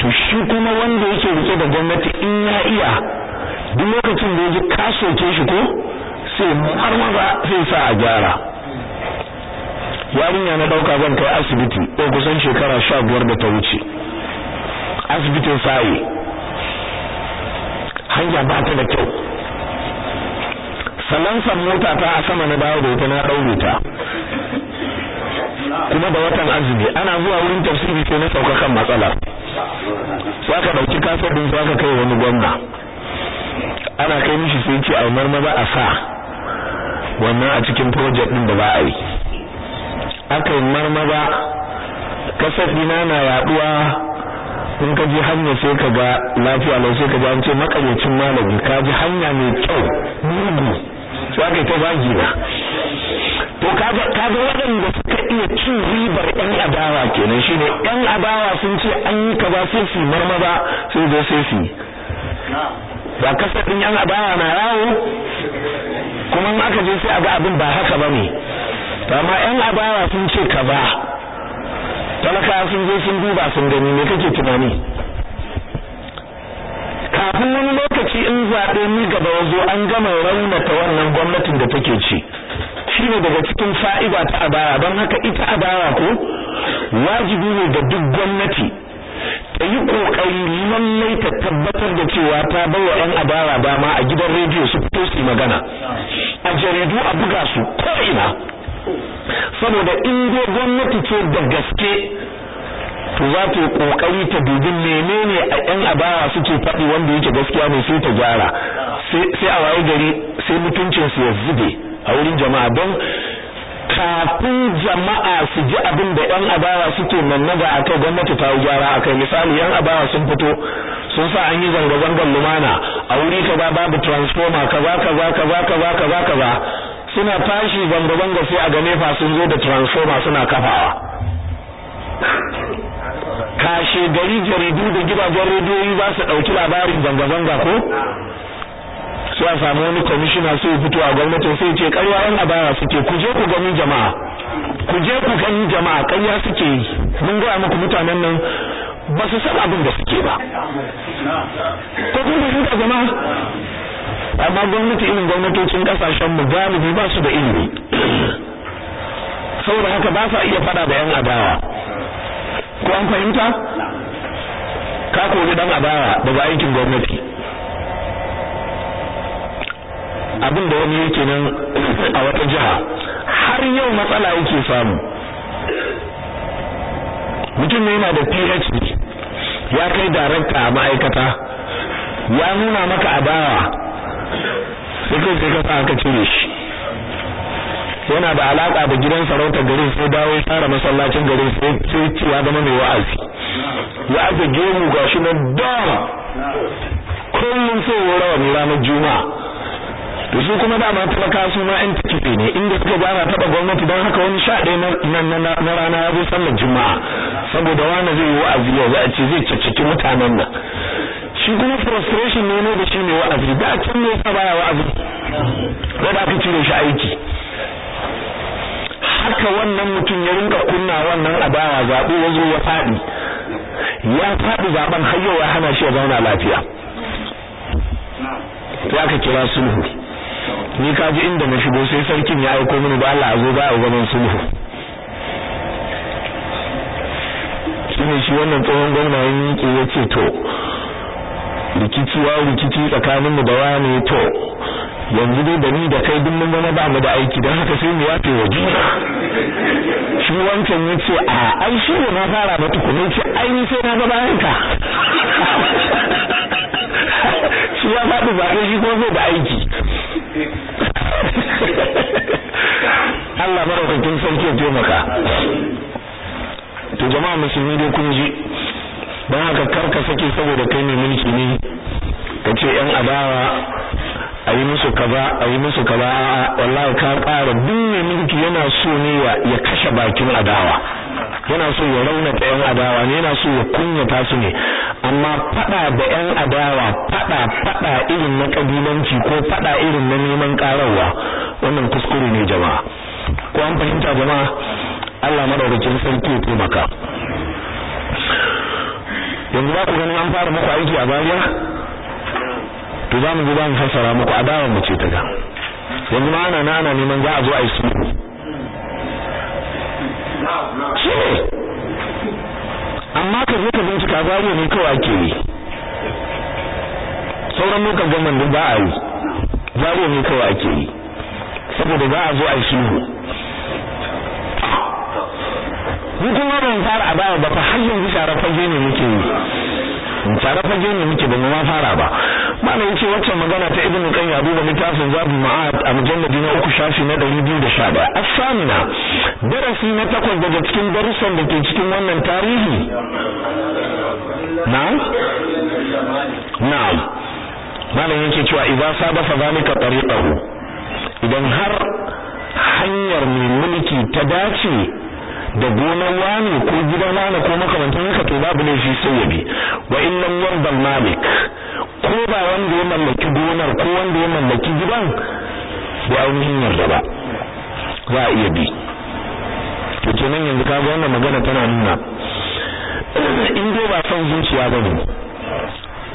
to shi kuma wanda yake rike da gwamnati in ya iya duk lokacin da ya ji ka soke shi ko sai har maza sai sa a gyara yarinya na dauka zan kai asibiti ko kusan shekara 15 da ta wuce asibitin sai hanya ba ta da kyau sannan san mota ta a sama na dawo da ita na daure ta kuma da watan azumi ana zuwa wurin tafsiri sai na sauka kan matsala sai aka dauki kasar din sai kai wani gwamna ana kai mishi sai ce a maza a sa wannan a cikin project din da ba a yi aka yi marmaza kasar dina na yaduwa in ka ji hanya sai ka ga lafiya lau sai ka ji an ce makaryacin malami ka ji hanya mai kyau mugu su aka yi ta zagi ba to kaga waɗanda suka iya cin ribar yan adawa kenan shine yan adawa sun ce an yi kaza sai su marmaza sai zo sai su ba kasafin yan adawa na yawo kuma in aka je sai a ga abin ba haka ba ne to amma yan abara sun ce ka ba talaka sun zo sun duba sun gani me kake tunani kafin wani lokaci in zaɓe ni gaba ya zo an gama raunata wannan gwamnatin da take ci shi ne daga cikin fa'iba ta abara don haka ita abara ko wajibi ne ga duk gwamnati ta yi ƙoƙari lallai ta tabbatar da cewa ta bai 'yan abara dama a gidan rediyo su fito su magana a jaridu a buga su ko'ina saboda in dai gwamnati ce da gaske to za ta yi kokari ta dubi menene a yan adawa suke faɗi wanda yake gaskiya ne sai ta gyara sai a waye gari sai su ya zube a wurin jama'a don kafin jama'a su ji abin da yan adawa suke nannaga akai gwamnati ta yi gyara akai misali yan abara sun fito sun sa an yi zanga-zangar lumana a wuri kaza babu transformer kaza kaza kaza kaza kaza kaza suna tashi banga banga sai a gane fa sun zo da transformer suna kafawa kashe gari jaridu da gidajen rediyoyi za su ɗauki labarin zanga-zanga ko sai a samu wani kwamishina sai fito a gwamnati sai ce karya yan abaya suke ku je ku gani jama'a ku je ku gani jama'a karya suke yi mun gaya muku mutanen nan ba su san abin da suke ba ko kun fahimta jama'a amma gwamnati irin gwamnatocin kasashen mu galibi ba su da ilimi saboda haka ba sa iya fada da yan adawa ko an fahimta ka kori dan adawa daga aikin gwamnati abin da wani yake nan a wata jiha har yau matsala yake samu mutum ne yana da phd ya kai darakta a ma'aikata ya nuna maka adawa sai sai ka sa aka cire shi yana da alaka da gidan sarautar garin sai dawo tsara masallacin garin sai ce ya zama mai wa'azi ya aka gemu shi nan dama kullum sai ya rawa mai ranar juma'a Da su kuma dama talaka su ma yan tikife ne inda suka ga ana taɓa gwamnati don haka wani sha ɗaya na rana ya zo sallar juma'a saboda wani zai yi wa'azi yau za a ce zai mutanen nan shi kuma frustration ne ne da shi ne wa'azi da kin ne yasa baya wa'azi wanda aka cire shi aiki haka wannan mutum ya rinka kunna wannan adawa zaɓe ya zo ya faɗi ya faɗi zaɓen har yau ya hana shi ya zauna lafiya ya aka kira sulhu ni ka ji inda na shigo sai sarkin ya aiko mini ba Allah a zo ba a zaman sulhu ne shi wannan tsohon gwamna ya ce to rikicewa rikici tsakanin mu da wani to yanzu dai da ni da kai duk mun zama ba mu da aiki dan haka sai mu yafe wa juna shi wancan ya ce a ai shi ne na fara ba tukunin ce ai ni sai na ga bayan ka shi ya faɗi ba shi kuma zai da aiki Allah maraukakin sarki ya taimaka to jama'a musulmi dai kun ji don haka karka sake saboda kai mai mulki ne ka ce yan adawa a yi musu kaza a yi musu kaza a wallahi ka ƙara duk mai mulki yana so ne ya kashe bakin adawa yana so ya raunata yan adawa ne yana so ya kunyata su ne amma fada da yan adawa fada fada irin na kabilanci ko fada irin na neman karawa wannan kuskure ne jama'a ko an fahimta jama'a Allah madaukakin sarki ya taimaka yanzu ba ku ganin an fara muku aiki a bariya to za mu zuba mu fassara muku dawa mu ce ta ga yanzu ma ana na ana neman za a zo a yi su shine amma ka zo ka bincika a bariya ne kawai ake yi sauran lokacin gwamnan duk ba a yi zariya ne kawai ake yi saboda za a zo a yi sulhu mu kuma ba fara a baya ba fa har yanzu shara fage ne muke yi mu shara fage ne muke ba mu ma fara ba malam yace wacce magana ta ibnu qayyim abu da littafin zabu ma'ad a mujalladi na uku shafi na 211 asamina darasi na takwas daga cikin darussan da ke cikin wannan tarihi na'am na'am malam yake cewa idza sabafa zalika tariqahu idan har hanyar mai mulki ta dace da gonar wani ko gidan wani ko makarantar haka to babu shi sai ya bi wa in lam malik ko ba wanda ya mallaki gonar ko wanda ya mallaki gidan ya ainihin yarda ba za a iya bi to kenan yanzu kaga wannan magana tana nuna in dai ba son zuciya bane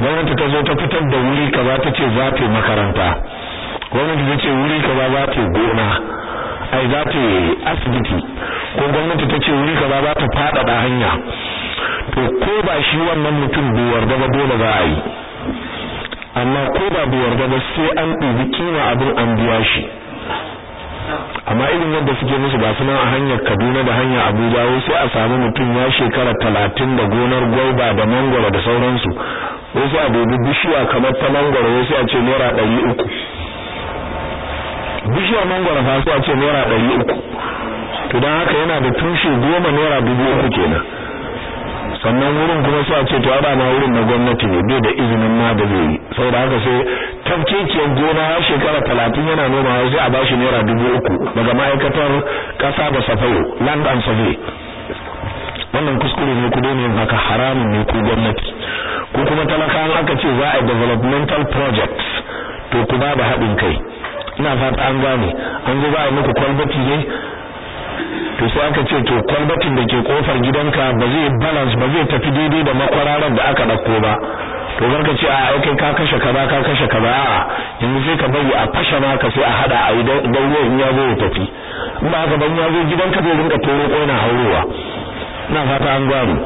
gwamnati ta zo ta fitar da wuri kaza ta ce za ta yi makaranta gwamnati ta ce wuri kaza za ta yi gona ai za ta yi asibiti ko gwamnati ta ce wuri kaza za ta faɗaɗa hanya to ko ba shi wannan mutum buwar da ba dole za a yi amma ko ba buwar da ba sai an ɗibi kima abin an biya shi amma irin yadda suke musu ba suna a hanyar Kaduna da hanyar Abuja wasu a sami mutum ya shekara talatin da gonar gwaiba da mangoro da sauransu wasu a dubi bishiya kamar ta mangoro wasu a ce naira ɗari uku bishiyar mangwaro ba su ce naira ɗari uku to don haka yana da tushe goma naira dubu uku kenan sannan wurin kuma su a ce to ana ma wurin na gwamnati ne bai da izinin ma da zai yi saboda haka sai tafkekiyar gona har shekara talatin yana noma har sai a bashi naira dubu uku daga ma'aikatar ƙasa da safaro land and survey wannan kuskure ne ku daina haka haramun ne ku gwamnati ko kuma talakawan aka ce za a developmental projects to ku ba da haɗin kai ina fata an gane an zo ba a muku kwalbati ne to sai aka ce to kwalbatin da ke kofar gidanka ba zai balance ba zai tafi daidai da makwararan da aka dauko ba to ka ce a kai ka kashe kaza ka kashe kaza a yanzu sai ka bari a fashe ka sai a hada a idan in ya zo ya tafi in ba haka ban ya zo gidanka zai rinka toro ko yana haurowa ina fata an gano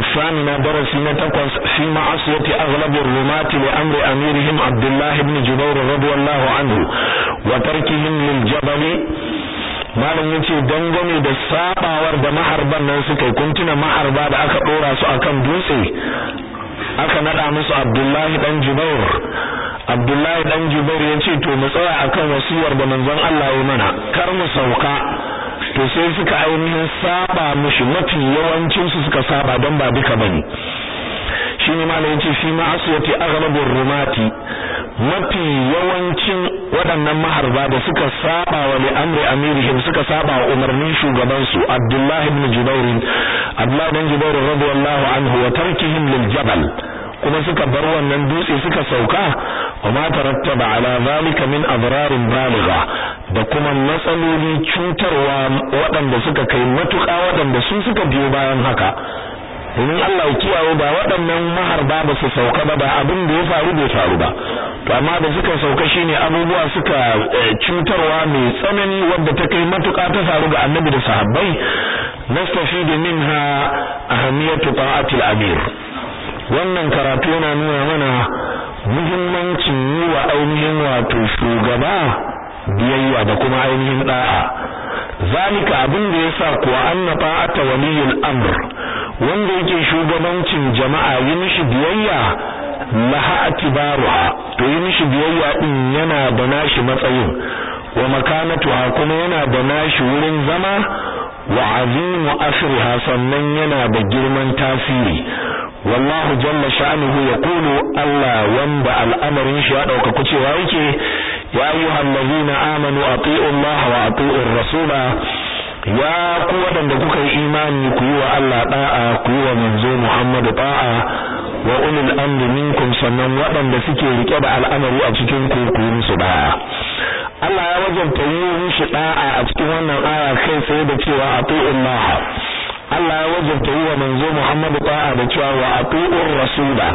الثامنة درس نتقص في معصية أغلب الرماة لأمر أميرهم عبد الله بن جبير رضي الله عنه وتركهم للجبل malam yace dangane da sabawar da maharban nan suka yi tuna maharba da aka dora su akan dutse aka nada musu Abdullahi dan Jubair Abdullahi dan Jubair yace to mu tsaya akan wasiyar da manzon Allah ya mana kar mu sauka to sai suka ainihin saba mushi mafi yawancin su suka saba don ba duka bane shi ne malai yace fi ma'asiyati aghlabur rumati mafi yawancin waɗannan maharba da suka saba wa li'amri amirihim suka saba wa umarnin shugaban su Abdullah ibn Jubair Abdullah ibn Jubair radiyallahu anhu wa tarkihim lil jabal kuma suka bar wannan dutse suka sauka wa ma tarattaba ala zalika min adrarin baliga da kuma matsaloli cutarwa waɗanda suka kai matuƙa waɗanda su suka biyo bayan haka domin Allah ya kiyaye ba waɗannan maharba ba su sauka ba ba abin da ya faru bai faru ba to amma da suka sauka shine abubuwa suka eh, cutarwa mai tsanani wanda ta kai matuƙa ta faru ga annabi da sahabbai nastafidu minha ahamiyatu ta'atil amir wannan karatu yana nuna mana muhimmancin yi wa ainihin wato shugaba biyayya da kuma ainihin da'a zalika abin da sa kuwa anna ta'ata waliyul amr wanda yake shugabancin jama'a yi mishi biyayya laha atibaruha to yi mishi biyayya din yana da nashi matsayin wa makanatuha kuma yana da nashi wurin zama wa azimu asriha sannan yana da girman tasiri wallahu jalla ya yaqulu Allah wanda al'amarin shi ya dauka kucewa yake ya ladina amanu ati'u Allah wa ati'ur rasula ya ku waɗanda kuka yi imani ku yi wa Allah da'a ku yi wa manzo Muhammadu da'a. wa ulul amri minkum sannan waɗanda suke rike da al'amari a cikin ku ku yi musu da'a Allah ya wajabta yi musu da'a a cikin wannan aya kai sai da cewa ati'ullah Allah ya wajabta yi wa manzo Muhammad da'a da cewa wa ati'ur rasula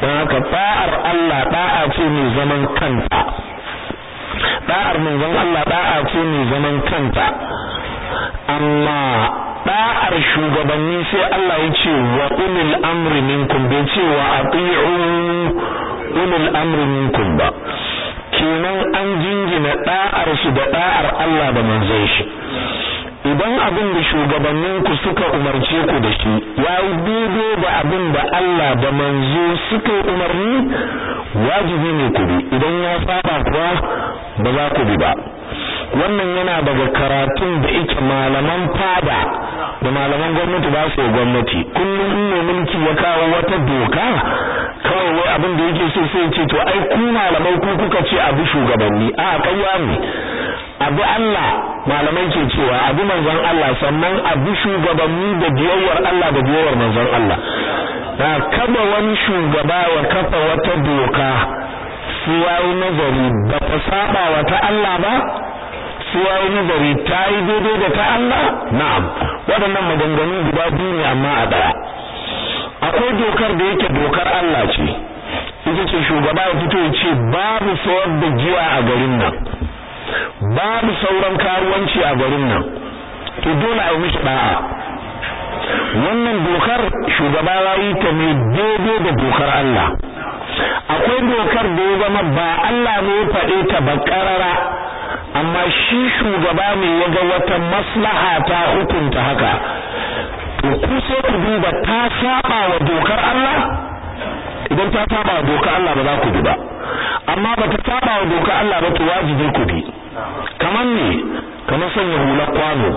dan haka da'ar Allah da'a ce mai zaman kanta da'ar manzon Allah da'a ce mai zaman kanta amma da'ar shugabanni sai Allah ya ce wa ulil amri minkum bai ce wa ati'u ulil amri minkum ba kenan an jingina da'ar su da da'ar Allah da manzon shi idan abin da ku suka umarce ku da shi ya yi da abin da Allah da manzo suka umarni wajibi ne ku bi idan ya saba kuwa ba za ku bi ba wannan yana daga karatun da ita malaman fada da malaman gwamnati ba su gwamnati kullum in ne mulki ya kawo wata doka kawai wai abin da yake so sai ce to ai ku malamai ku kuka ce abu shugabanni a kaiwa ne abu Allah malamai ke cewa abu manzon Allah sannan abu shugabanni da biyayyar Allah da biyayyar manzon Allah na kada wani shugaba wa kafa wata doka su nazari ba ta wa ta Allah ba sai yi nazari ta yi daidai da ta Allah na'am waɗannan maganganu guda biyu ne amma a ɗaya akwai dokar da yake dokar Allah ce ita ce shugaba ya fito ya ce babu sawar da giya a garin nan babu sauran karuwanci a garin nan to dole a yi mishi ɗa'a wannan dokar shugaba ya yi ta ne daidai da dokar Allah akwai dokar da ya zama ba Allah ne ya faɗe ta ba ƙarara amma shi shugaba ne ya ga wata maslaha ta hukunta haka to ku sai ku duba ta saba wa dokar Allah idan ta saba wa dokar Allah ba za ku bi ba amma ba ta saba wa dokar Allah ba to wajibi ku bi kamar ne kamar sanya hular kwano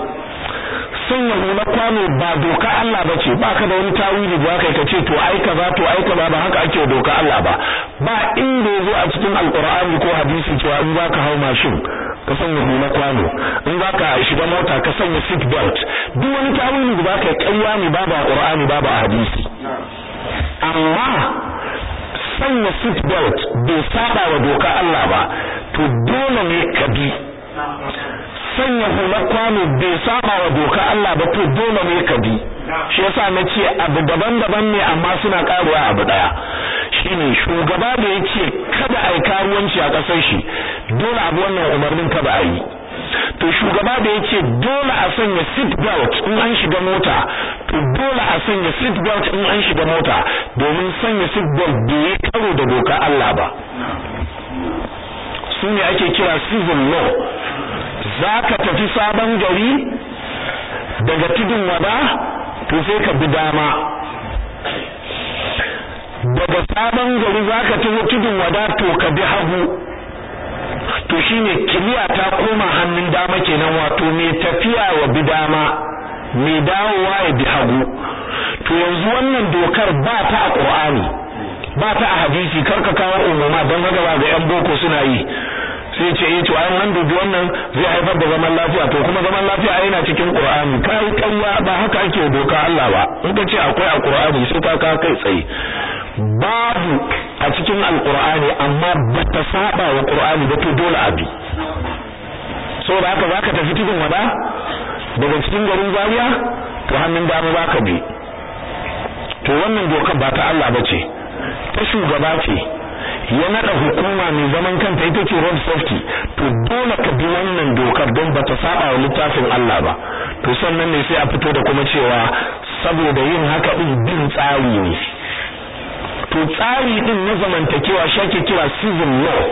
sanya hular kwano ba doka Allah ba ce ba ka da wani tawili da kai ka ce to ai za to ai ka ba haka ake doka Allah ba ba inda yazo a cikin alqur'ani ko hadisi cewa in za ka hau mashin ka sanya hula kwano in za ka shiga mota ka sanya seat belt duk wani tarihi da za ka yi ƙarya ne babu a ƙur'ani babu a hadisi amma sanya seat belt bai saba wa doka Allah ba to dole ne ka bi sanya hular kwano bai saba wa doka Allah ba to dole ne ka bi shi yasa na ce abu daban-daban ne amma suna karuwa abu daya shine shugaba da ce kada ai karuwanci a kasar shi dole abu wannan umarnin kada a yi to shugaba da yace dole a sanya seat belt in an shiga mota to dole a sanya seat belt in an shiga mota domin sanya seat belt bai karo da doka Allah ba su ne ake kira civil law za ka tafi sabon gari daga tudun wada to sai ka bi dama daga sabon gari za ka tafi tudun wada to ka bi hagu to shine kiliya ta koma hannun dama kenan wato mai tafiya wa bi dama mai dawowa ya bi hagu to yanzu wannan dokar ba ta a ƙur'ani ba ta a hadisi karka kawo umuma don haka ga yan boko suna yi sai ce yi eh, to wani dubi wannan zai haifar da zaman lafiya to kuma zaman lafiya yana cikin kur'ani yi kanya ba haka ake doka Allah ba in ka ce akwai a Qur'ani sai ka ka kai tsaye babu a cikin Alkur'ani amma ba ta saba wa qur'ani ba to dole abi saboda haka zaka tafi cikin wada daga cikin garin Zaria to hannun dama ka bi to wannan dokar ba ta Allah ba ce ta shugaba ce ya nada hukuma mai zaman kanta ita ce road safety to dole ka bi wannan dokar don ba ta saba wa littafin Allah ba to sannan ne sai a fito da kuma cewa saboda yin haka din bin tsari ne to tsari din na zamantakewa shake kira civil law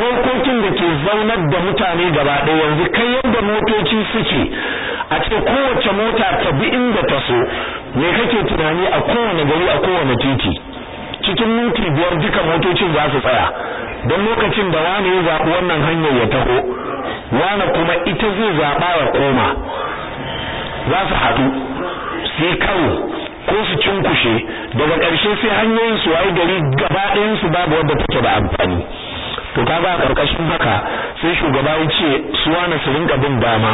dokokin da ke zaunar da mutane gaba ɗaya yanzu kai yadda motoci suke a ce kowace mota ta bi inda ta so me kake tunani a kowane gari a kowane titi cikin minti biyar duka motocin za su tsaya don lokacin da wani ya zaɓi wannan hanyar ya taho wani kuma ita zai zaɓa ya koma za su haɗu sai karo ko su cinkushe daga ƙarshe sai hanyoyin su wayi gari gaba ɗayan su babu wadda take da amfani to ka a ƙarƙashin haka sai shugaba ya ce su wani su rinka bin dama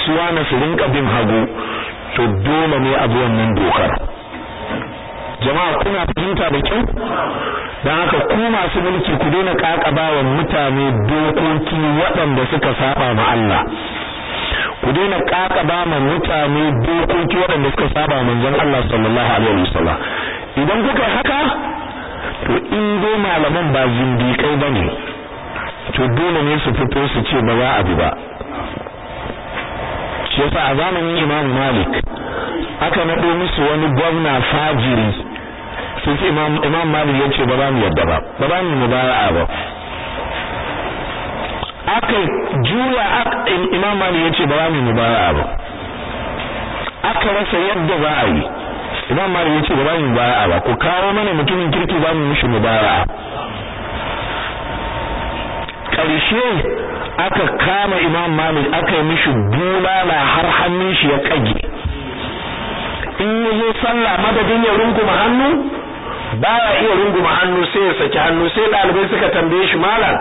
su wani su rinka bin hagu to dole ne abu wannan dokar jama'a kuna fahimta da kyau dan haka ku masu mulki ku daina kakabawa mutane dokoki waɗanda suka saba ma Allah ku daina kakaba ma mutane dokoki waɗanda suka saba manzon Allah sallallahu alaihi wasallam idan kuka haka to in dai malaman ba zindikai bane to dole ne su fito su ce ba za a bi ba shi yasa a zamanin Imam Malik aka nado musu wani gwamna fajiri sai sai Imam Imam Malik ya ce ba za mu yadda ba ba za mu mubara'a ba aka jura Imam Malik ya ce ba za mu mubara'a ba aka rasa yadda za a yi Imam Malik ya ce ba za mu mubara'a ba ku kawo mana mutumin kirki za mu mishi mubara'a karshe aka kama imam malik aka yi mishi bulala har hannun shi ya kage in yi zo sallah madadin ya runguma hannu baya iya runguma hannu sai ya saki hannu sai ɗalibai suka tambaye shi malam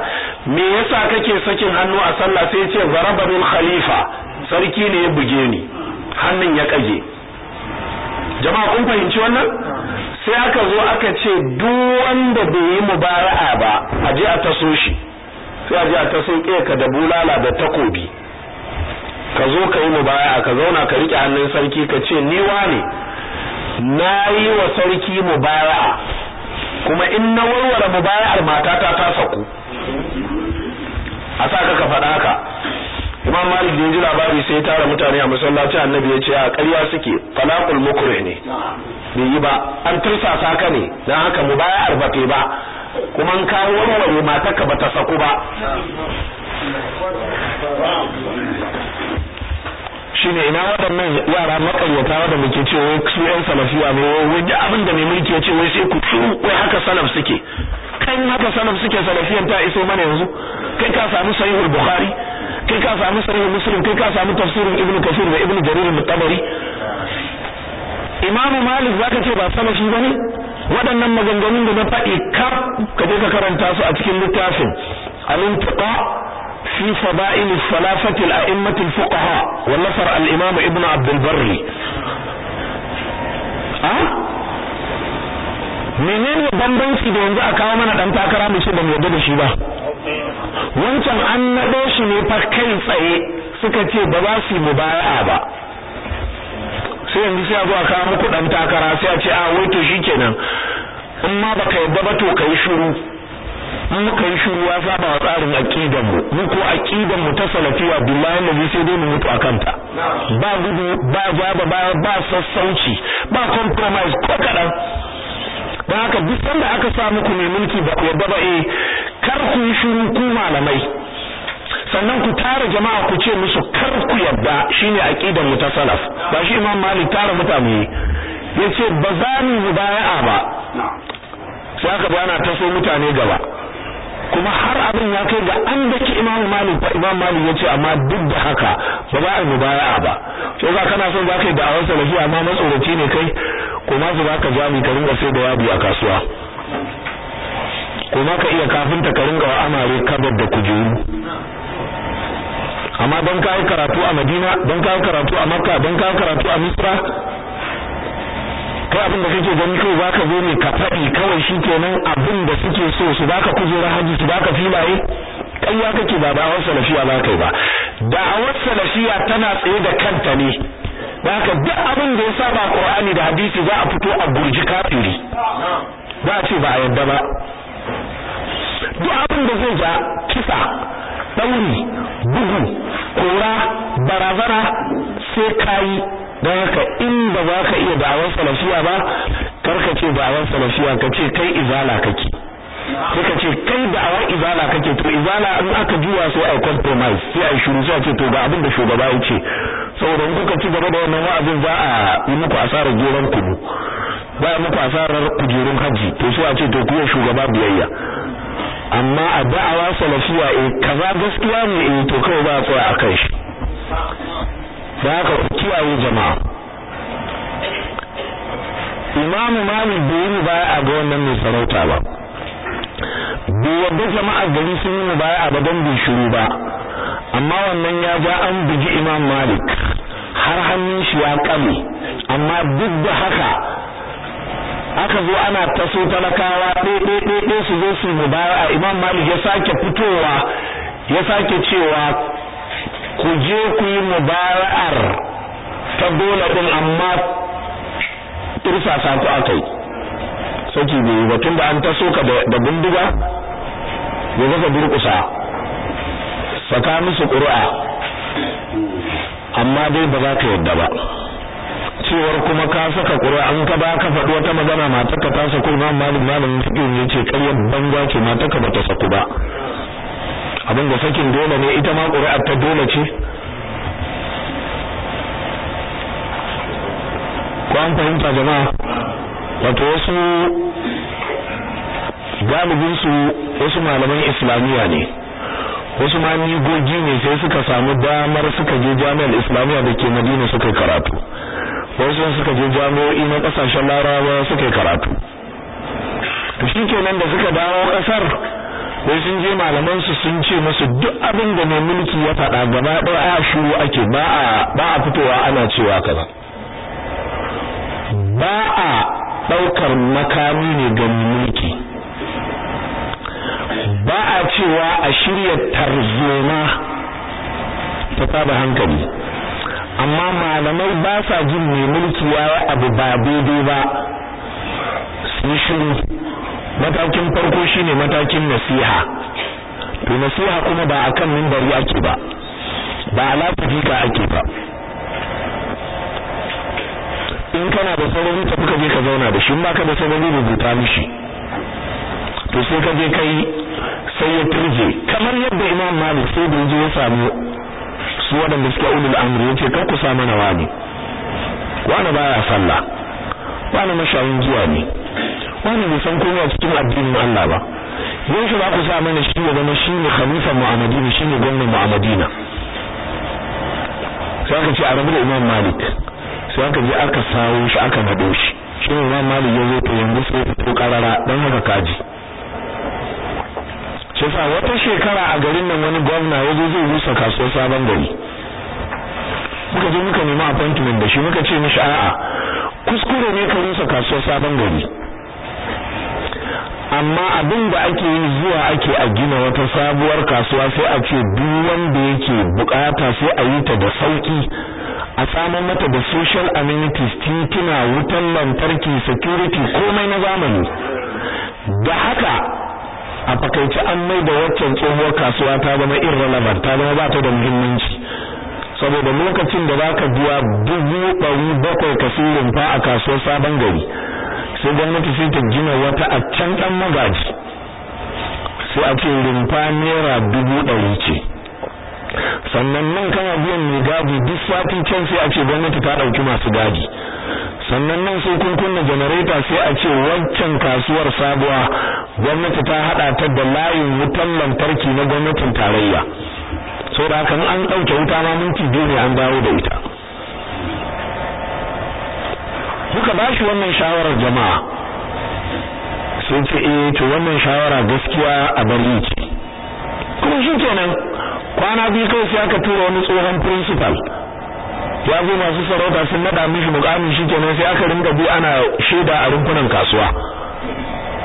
me yasa kake sakin hannu a sallah sai ce zaraba khalifa sarki ne ya buge ni hannun ya kage jama'a kun fahimci wannan sai aka zo aka ce duk wanda bai yi mubara'a ba a je a taso shi sai a ji a ta sauke ka da bulala da takobi ka zo ka yi mubaya ka zauna ka rike hannun sarki ka ce ni wane na yi wa sarki mubaya kuma in na warware mubaya'ar matata ta saku a sa ka faɗa haka imam malik da ji labari sai tara mutane a masallaci annabi ya ce a ƙarya suke falakul mukuru ne bai yi ba an tursasa ka ne na haka mubaya'ar ba ba kuma in ka warware matarka ka ta saku ba shine ina waɗannan yara makayyata waɗanda ke ce wai su ƴan salafiya ne wai duk abin da mai mulki ya ce wai sai ku tsuru wai haka salaf suke kai haka salaf suke salafiyan ta iso mana yanzu kai ka samu sahihul bukhari kai ka samu sahihul muslim kai ka samu tafsirin ibnu kafir da ibnu jarir al-tabari imam malik zaka ce ba salafi bane waɗannan maganganun da na faɗi kar ka je ka karanta su a cikin littafin al-intiqa fi fada'il salafati al-a'immat al-fuqaha wa nafar al-imam ibn abd al-barr menene bambanci da yanzu a kawo mana dan takara mu ce ba mu yarda da shi ba wancan an naɗo shi ne fa kai tsaye suka ce ba za su yi mubaya'a ba sai yanzu sai a zo a kawo muku dan takara sai a ce a ah, wai to shikenan in ma baka yadda ba to kai shiru in muka yi shiru ya saba wa tsarin aqidar mu mu ko aqidar mu ta salafiya billahi nabi sai dai mu mutu akan ta ba gudu ba jaba ba ba sassauci ba compromise ko kadan dan haka duk sanda aka sa muku ne mulki ba ku yadda ba eh kar ku yi shiru ku malamai sannan ku tara jama'a ku ce musu kar ku yadda shine aqidar mutasalaf ba shi imam malik tara mutane yace ba za mu ba sai aka bayana taso mutane gaba kuma har abin ya kai ga an daki imam malik ba imam malik ya amma duk da haka ba za a yi mubaya'a ba to ga kana son za ka yi da'awar salafi amma matsoraci ne kai kuma ma su baka jami ka ringa sai da wabi a kasuwa kuma ka iya kafinta ka ringa wa amare kabar da kujeru amma don kayi karatu a madina don kayi karatu a makka don kayi karatu a misra kai abin da kake gani kai ka zo ne ka faɗi kawai shikenan abin da suke so su ka kujera haji su ka filaye ƙarya kake ba da'awar salafiya ba kai ba da'awar salafiya tana tsaye da kanta ne da haka duk abin da ya saba qur'ani da hadisi za a fito a gurji kafiri za a ce ba a yadda ba duk abin da zai ja kisa ɗauri bugu kora barazana sai kayi don haka inda ba za ka iya da'awar salafiya ba kar ka ce da'awar salafiya ka ce kai izala kake sai ka ce kai da'awar izala kake to izala in aka juya sai ai compromise sai ai shiru sai ce to ga abin da shugaba ya ce saboda in kuka ci gaba da wannan wa'azin za a yi muku asarar goron kunu ba muku asarar kujerun haji to sai a ce to ku shugaba biyayya amma a da'awa salafiya eh kaza gaskiya ne eh to kawai ba a kai shi da haka ku kiyaye jama'a Imam Malik bai yi baya a ga wannan mai sarauta ba bai yadda jama'a gari sun yi baya a badan bai shiru ba amma wannan ya ja an bugi Imam Malik har hannun shi ya kame amma duk da haka aka zo ana taso talakawa ɗaiɗaiɗaiɗai su zo su mubaya imam malik ya sake fitowa ya sake cewa ku je ku yi mubara'ar ta dole ɗin amma irsasa ku aka yi saki bai yi ba tunda an taso ka da bindiga ya zaka durƙusa saka musu ƙuri'a amma dai ba za ka yadda ba cewar kuma ka saka kura an ka ba ka faɗi wata magana matarka ta saku ma malin malamin fiqh ya ce ƙaryar banza ce ba bata saku ba abin da sakin dole ne ita ma ƙuri'ar ta dole ce ko an fahimta jama'a wato wasu su wasu malaman islamiyya ne wasu ma gogi ne sai suka samu damar suka je jami'ar islamiyya da ke madina suka karatu wasu suka je jami'o'i na kasashen larawa suka yi karatu to shi kenan da suka dawo kasar wai sun je malaman su sun ce musu duk abin da mai mulki ya faɗa gaba ɗaya a shuru ake ba a ba a fitowa ana cewa kaza ba a ɗaukar makami ne ga mulki ba a cewa a shirya tarzoma ta saba hankali amma malamai ba sa jin mai mulki yi abu ba daidai ba su shiru matakin farko shine matakin nasiha to nasiha kuma ba akan mimbari ake ba ba alafika ake ba in kana da sauran tafi ka je ka zauna da shi in baka da sauran rubuta mishi to sai ka je kai sai ya turje kamar yadda imam malik sai da ya samu su waɗanda suke ulul amri yace kar ku sa mana wani wani baya sallah wani mashayin zuwa ne wani bai san komai cikin addinin Allah ba yanzu ba ku sa mana shi ya zama shi ne khalifa mu'amadina shi ne gwamnan mu'amadina sai aka ce a rabu da imam malik sai aka je aka sawo shi aka nado shi shi imam malik ya zo to yanzu sai fito karara dan haka kaji shi wata shekara a garin nan wani gwamna ya zo zai rusa kasuwar sabon gari muka je muka nemi appointment da shi muka ce mishi a'a kuskure ne ka rusa kasuwar sabon gari amma abin da ake yi zuwa ake a gina wata sabuwar kasuwa sai a ce duk wanda yake bukata sai a yi ta da sauki a tsamar mata da social amenities titina wutan lantarki security komai na zamani da haka a fakaici an mai da waccan tsohuwar kasuwa ta zama irrelevant ta zama ba ta da muhimmanci saboda lokacin da ka biya dubu ɗari bakwai ka sirin fa a kasuwar sabon gari sai gwamnati sai ta gina wata a can ɗan magaji sai a ce rumfa naira dubu ɗari ce sannan nan kana biyan mai gadi duk sati can sai a ce gwamnati ta dauki masu gadi sannan nan sai kun kunna janareta sai a ce wancan kasuwar sabuwa gwamnati ta hada ta da layin wutan lantarki na gwamnatin tarayya da haka an dauke wuta ma minti biyu ne an dawo da ita kuka bashi wannan shawarar jama'a sun ce eh to wannan shawara gaskiya a bari ce kuma shi kenan kwana biyu kai sai aka tura wani tsohon principal ya zo masu sarauta sun nada mishi mukamin shi kenan sai aka ringa bi ana shaida a rumfunan kasuwa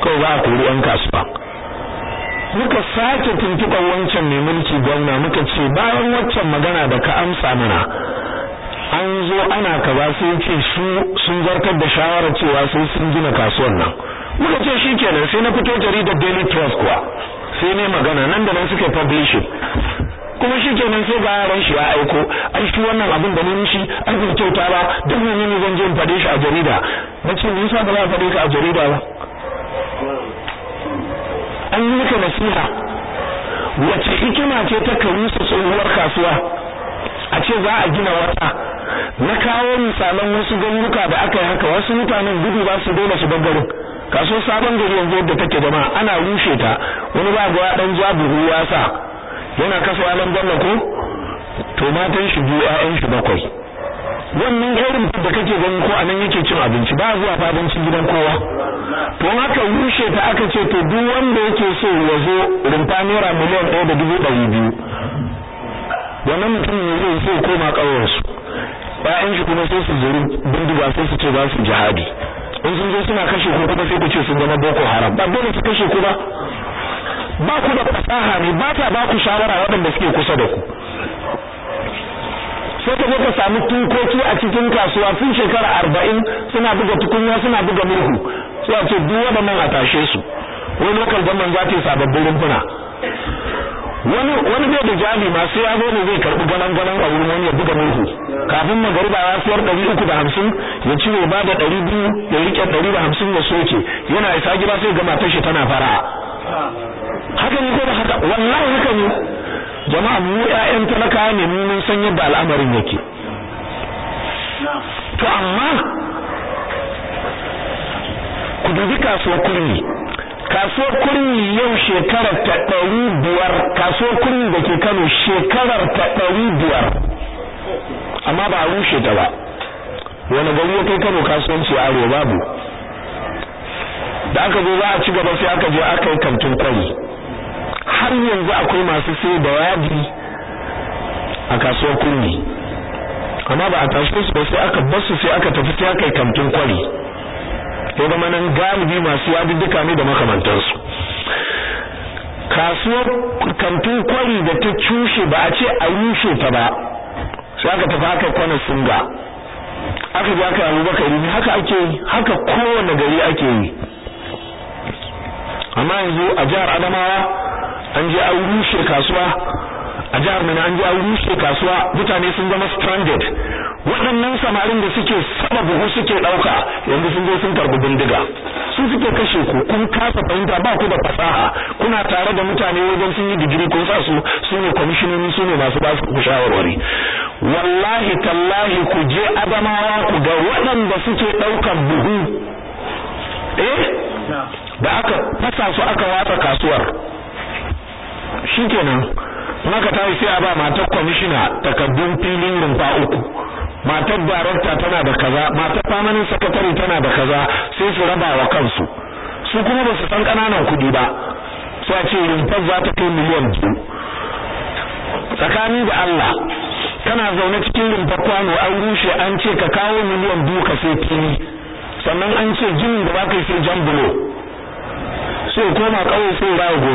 kawai za a kori yan kasuwa muka sake tuntuɓar wancan mai mulki gwamna muka ce bayan waccan magana da ka amsa mana an zo ana ba sai ce su sun zartar da shawara cewa sai sun gina kasuwan nan muka ce shi kenan sai na fito jaridar daily trust kuwa sai ne magana nan da nan suka publishing kuma shi kenan sai ga yaran shi ya aiko ai shi wannan abin da mun shi an kyauta ba don ne ne zan je fade shi a jarida ce me yasa ba za a fade ka a jarida ba an yi maka nasiha wace hikima ce ta kawo su tsohuwar kasuwa a ce za a gina wata na kawo misalan wasu garuruka da aka yi haka wasu mutanen gudu ba su dole su bangaren kaso sabon gari yanzu yadda take jama'a ana rushe ta wani ba ga dan zuwa buhu ya sa yana kasa alam gwamna ko to matan shi biyu ƴaƴan shi bakwai wannan irin da kake gani ko anan yake cin abinci ba zuwa fa abincin gidan kowa to haka rushe ta aka ce to duk wanda yake so ya zo rumfa naira miliyan ɗaya da dubu ɗari biyu wannan mutum ne zai so koma ƙauyensu ƴaƴan shi kuma sai su zuri bindiga sai su ce za su jihadi in sun zo suna kashe ku kuma sai ku ce sun zama boko haram ba dole su kashe ku ba ba ku da fasaha ne ba ta ba ku shawara waɗanda suke kusa da ku sai ka zo ka samu tukoki a cikin kasuwa sun shekara arba'in suna buga tukunya suna buga murhu sai a ce duk waɗannan a tashe su wani lokal zaman za ta yi sababbin rumfuna wani wani zai da jami ma sai ya zo ne zai karbi galan galan a wurin wani ya buga muku kafin magariba ya siyar hamsin ya cire ba da biyu ya rike hamsin ya soke yana isa gida sai ga matar tana fara haka ne ko da haka wallahi haka ne jama'a mu ƴaƴan talaka ne mun san yadda al'amarin yake to amma ku dubi kasuwar kurmi kasuwar kurmi yau shekarar ta ɗari biyar kasuwar kurmi da ke kano shekarar ta ɗari biyar amma ba a rushe ta ba wani gari ya kai kano kasuwanci arewa babu da aka zo za a ci gaba sai aka je aka yi kantin kwari har yanzu akwai masu sai da yadi a kasuwar kurmi amma ba a tashi su ba sai aka basu sai aka tafi sai aka yi kantin kwari ya zama nan galibi masu duka ne da makamantansu kasuwar kantin kwari da ta cushe ba a ce a rushe ta ba sai aka tafi aka kwana singa aka ji aka yi ne haka ake haka kowane gari ake yi amma yanzu a jihar adamawa an je an rushe kasuwa a jihar Mina an ji an rushe kasuwa mutane sun zama stranded waɗannan samarin da suke saba buhu suke ɗauka yanzu sun zo sun karɓi bindiga su suke kashe ku kun kasa fahimta ba ku da fasaha kuna tare da mutane wajen sun yi digiri kun sa su su ne kwamishinoni su ne masu ba ku shawarwari wallahi tallahi ku je adamawa ku ga waɗanda suke ɗaukar buhu eh da aka fasa su aka watsa kasuwar shi shikenan Maka ta tashi sai a ba matar kwamishina takaddun filin rumfa uku matar darakta tana da kaza matar famanin sakatare tana da kaza sai su raba wa kansu su kuma ba su san ƙananan kuɗi ba sai a ce rumfar za ta kai miliyan biyu tsakani da Allah kana zaune cikin rumfar kwano an rushe an ce ka kawo miliyan biyu ka sai fili sannan an ce jinin da ba ka sai jan bulo sai koma kawai sai raya gona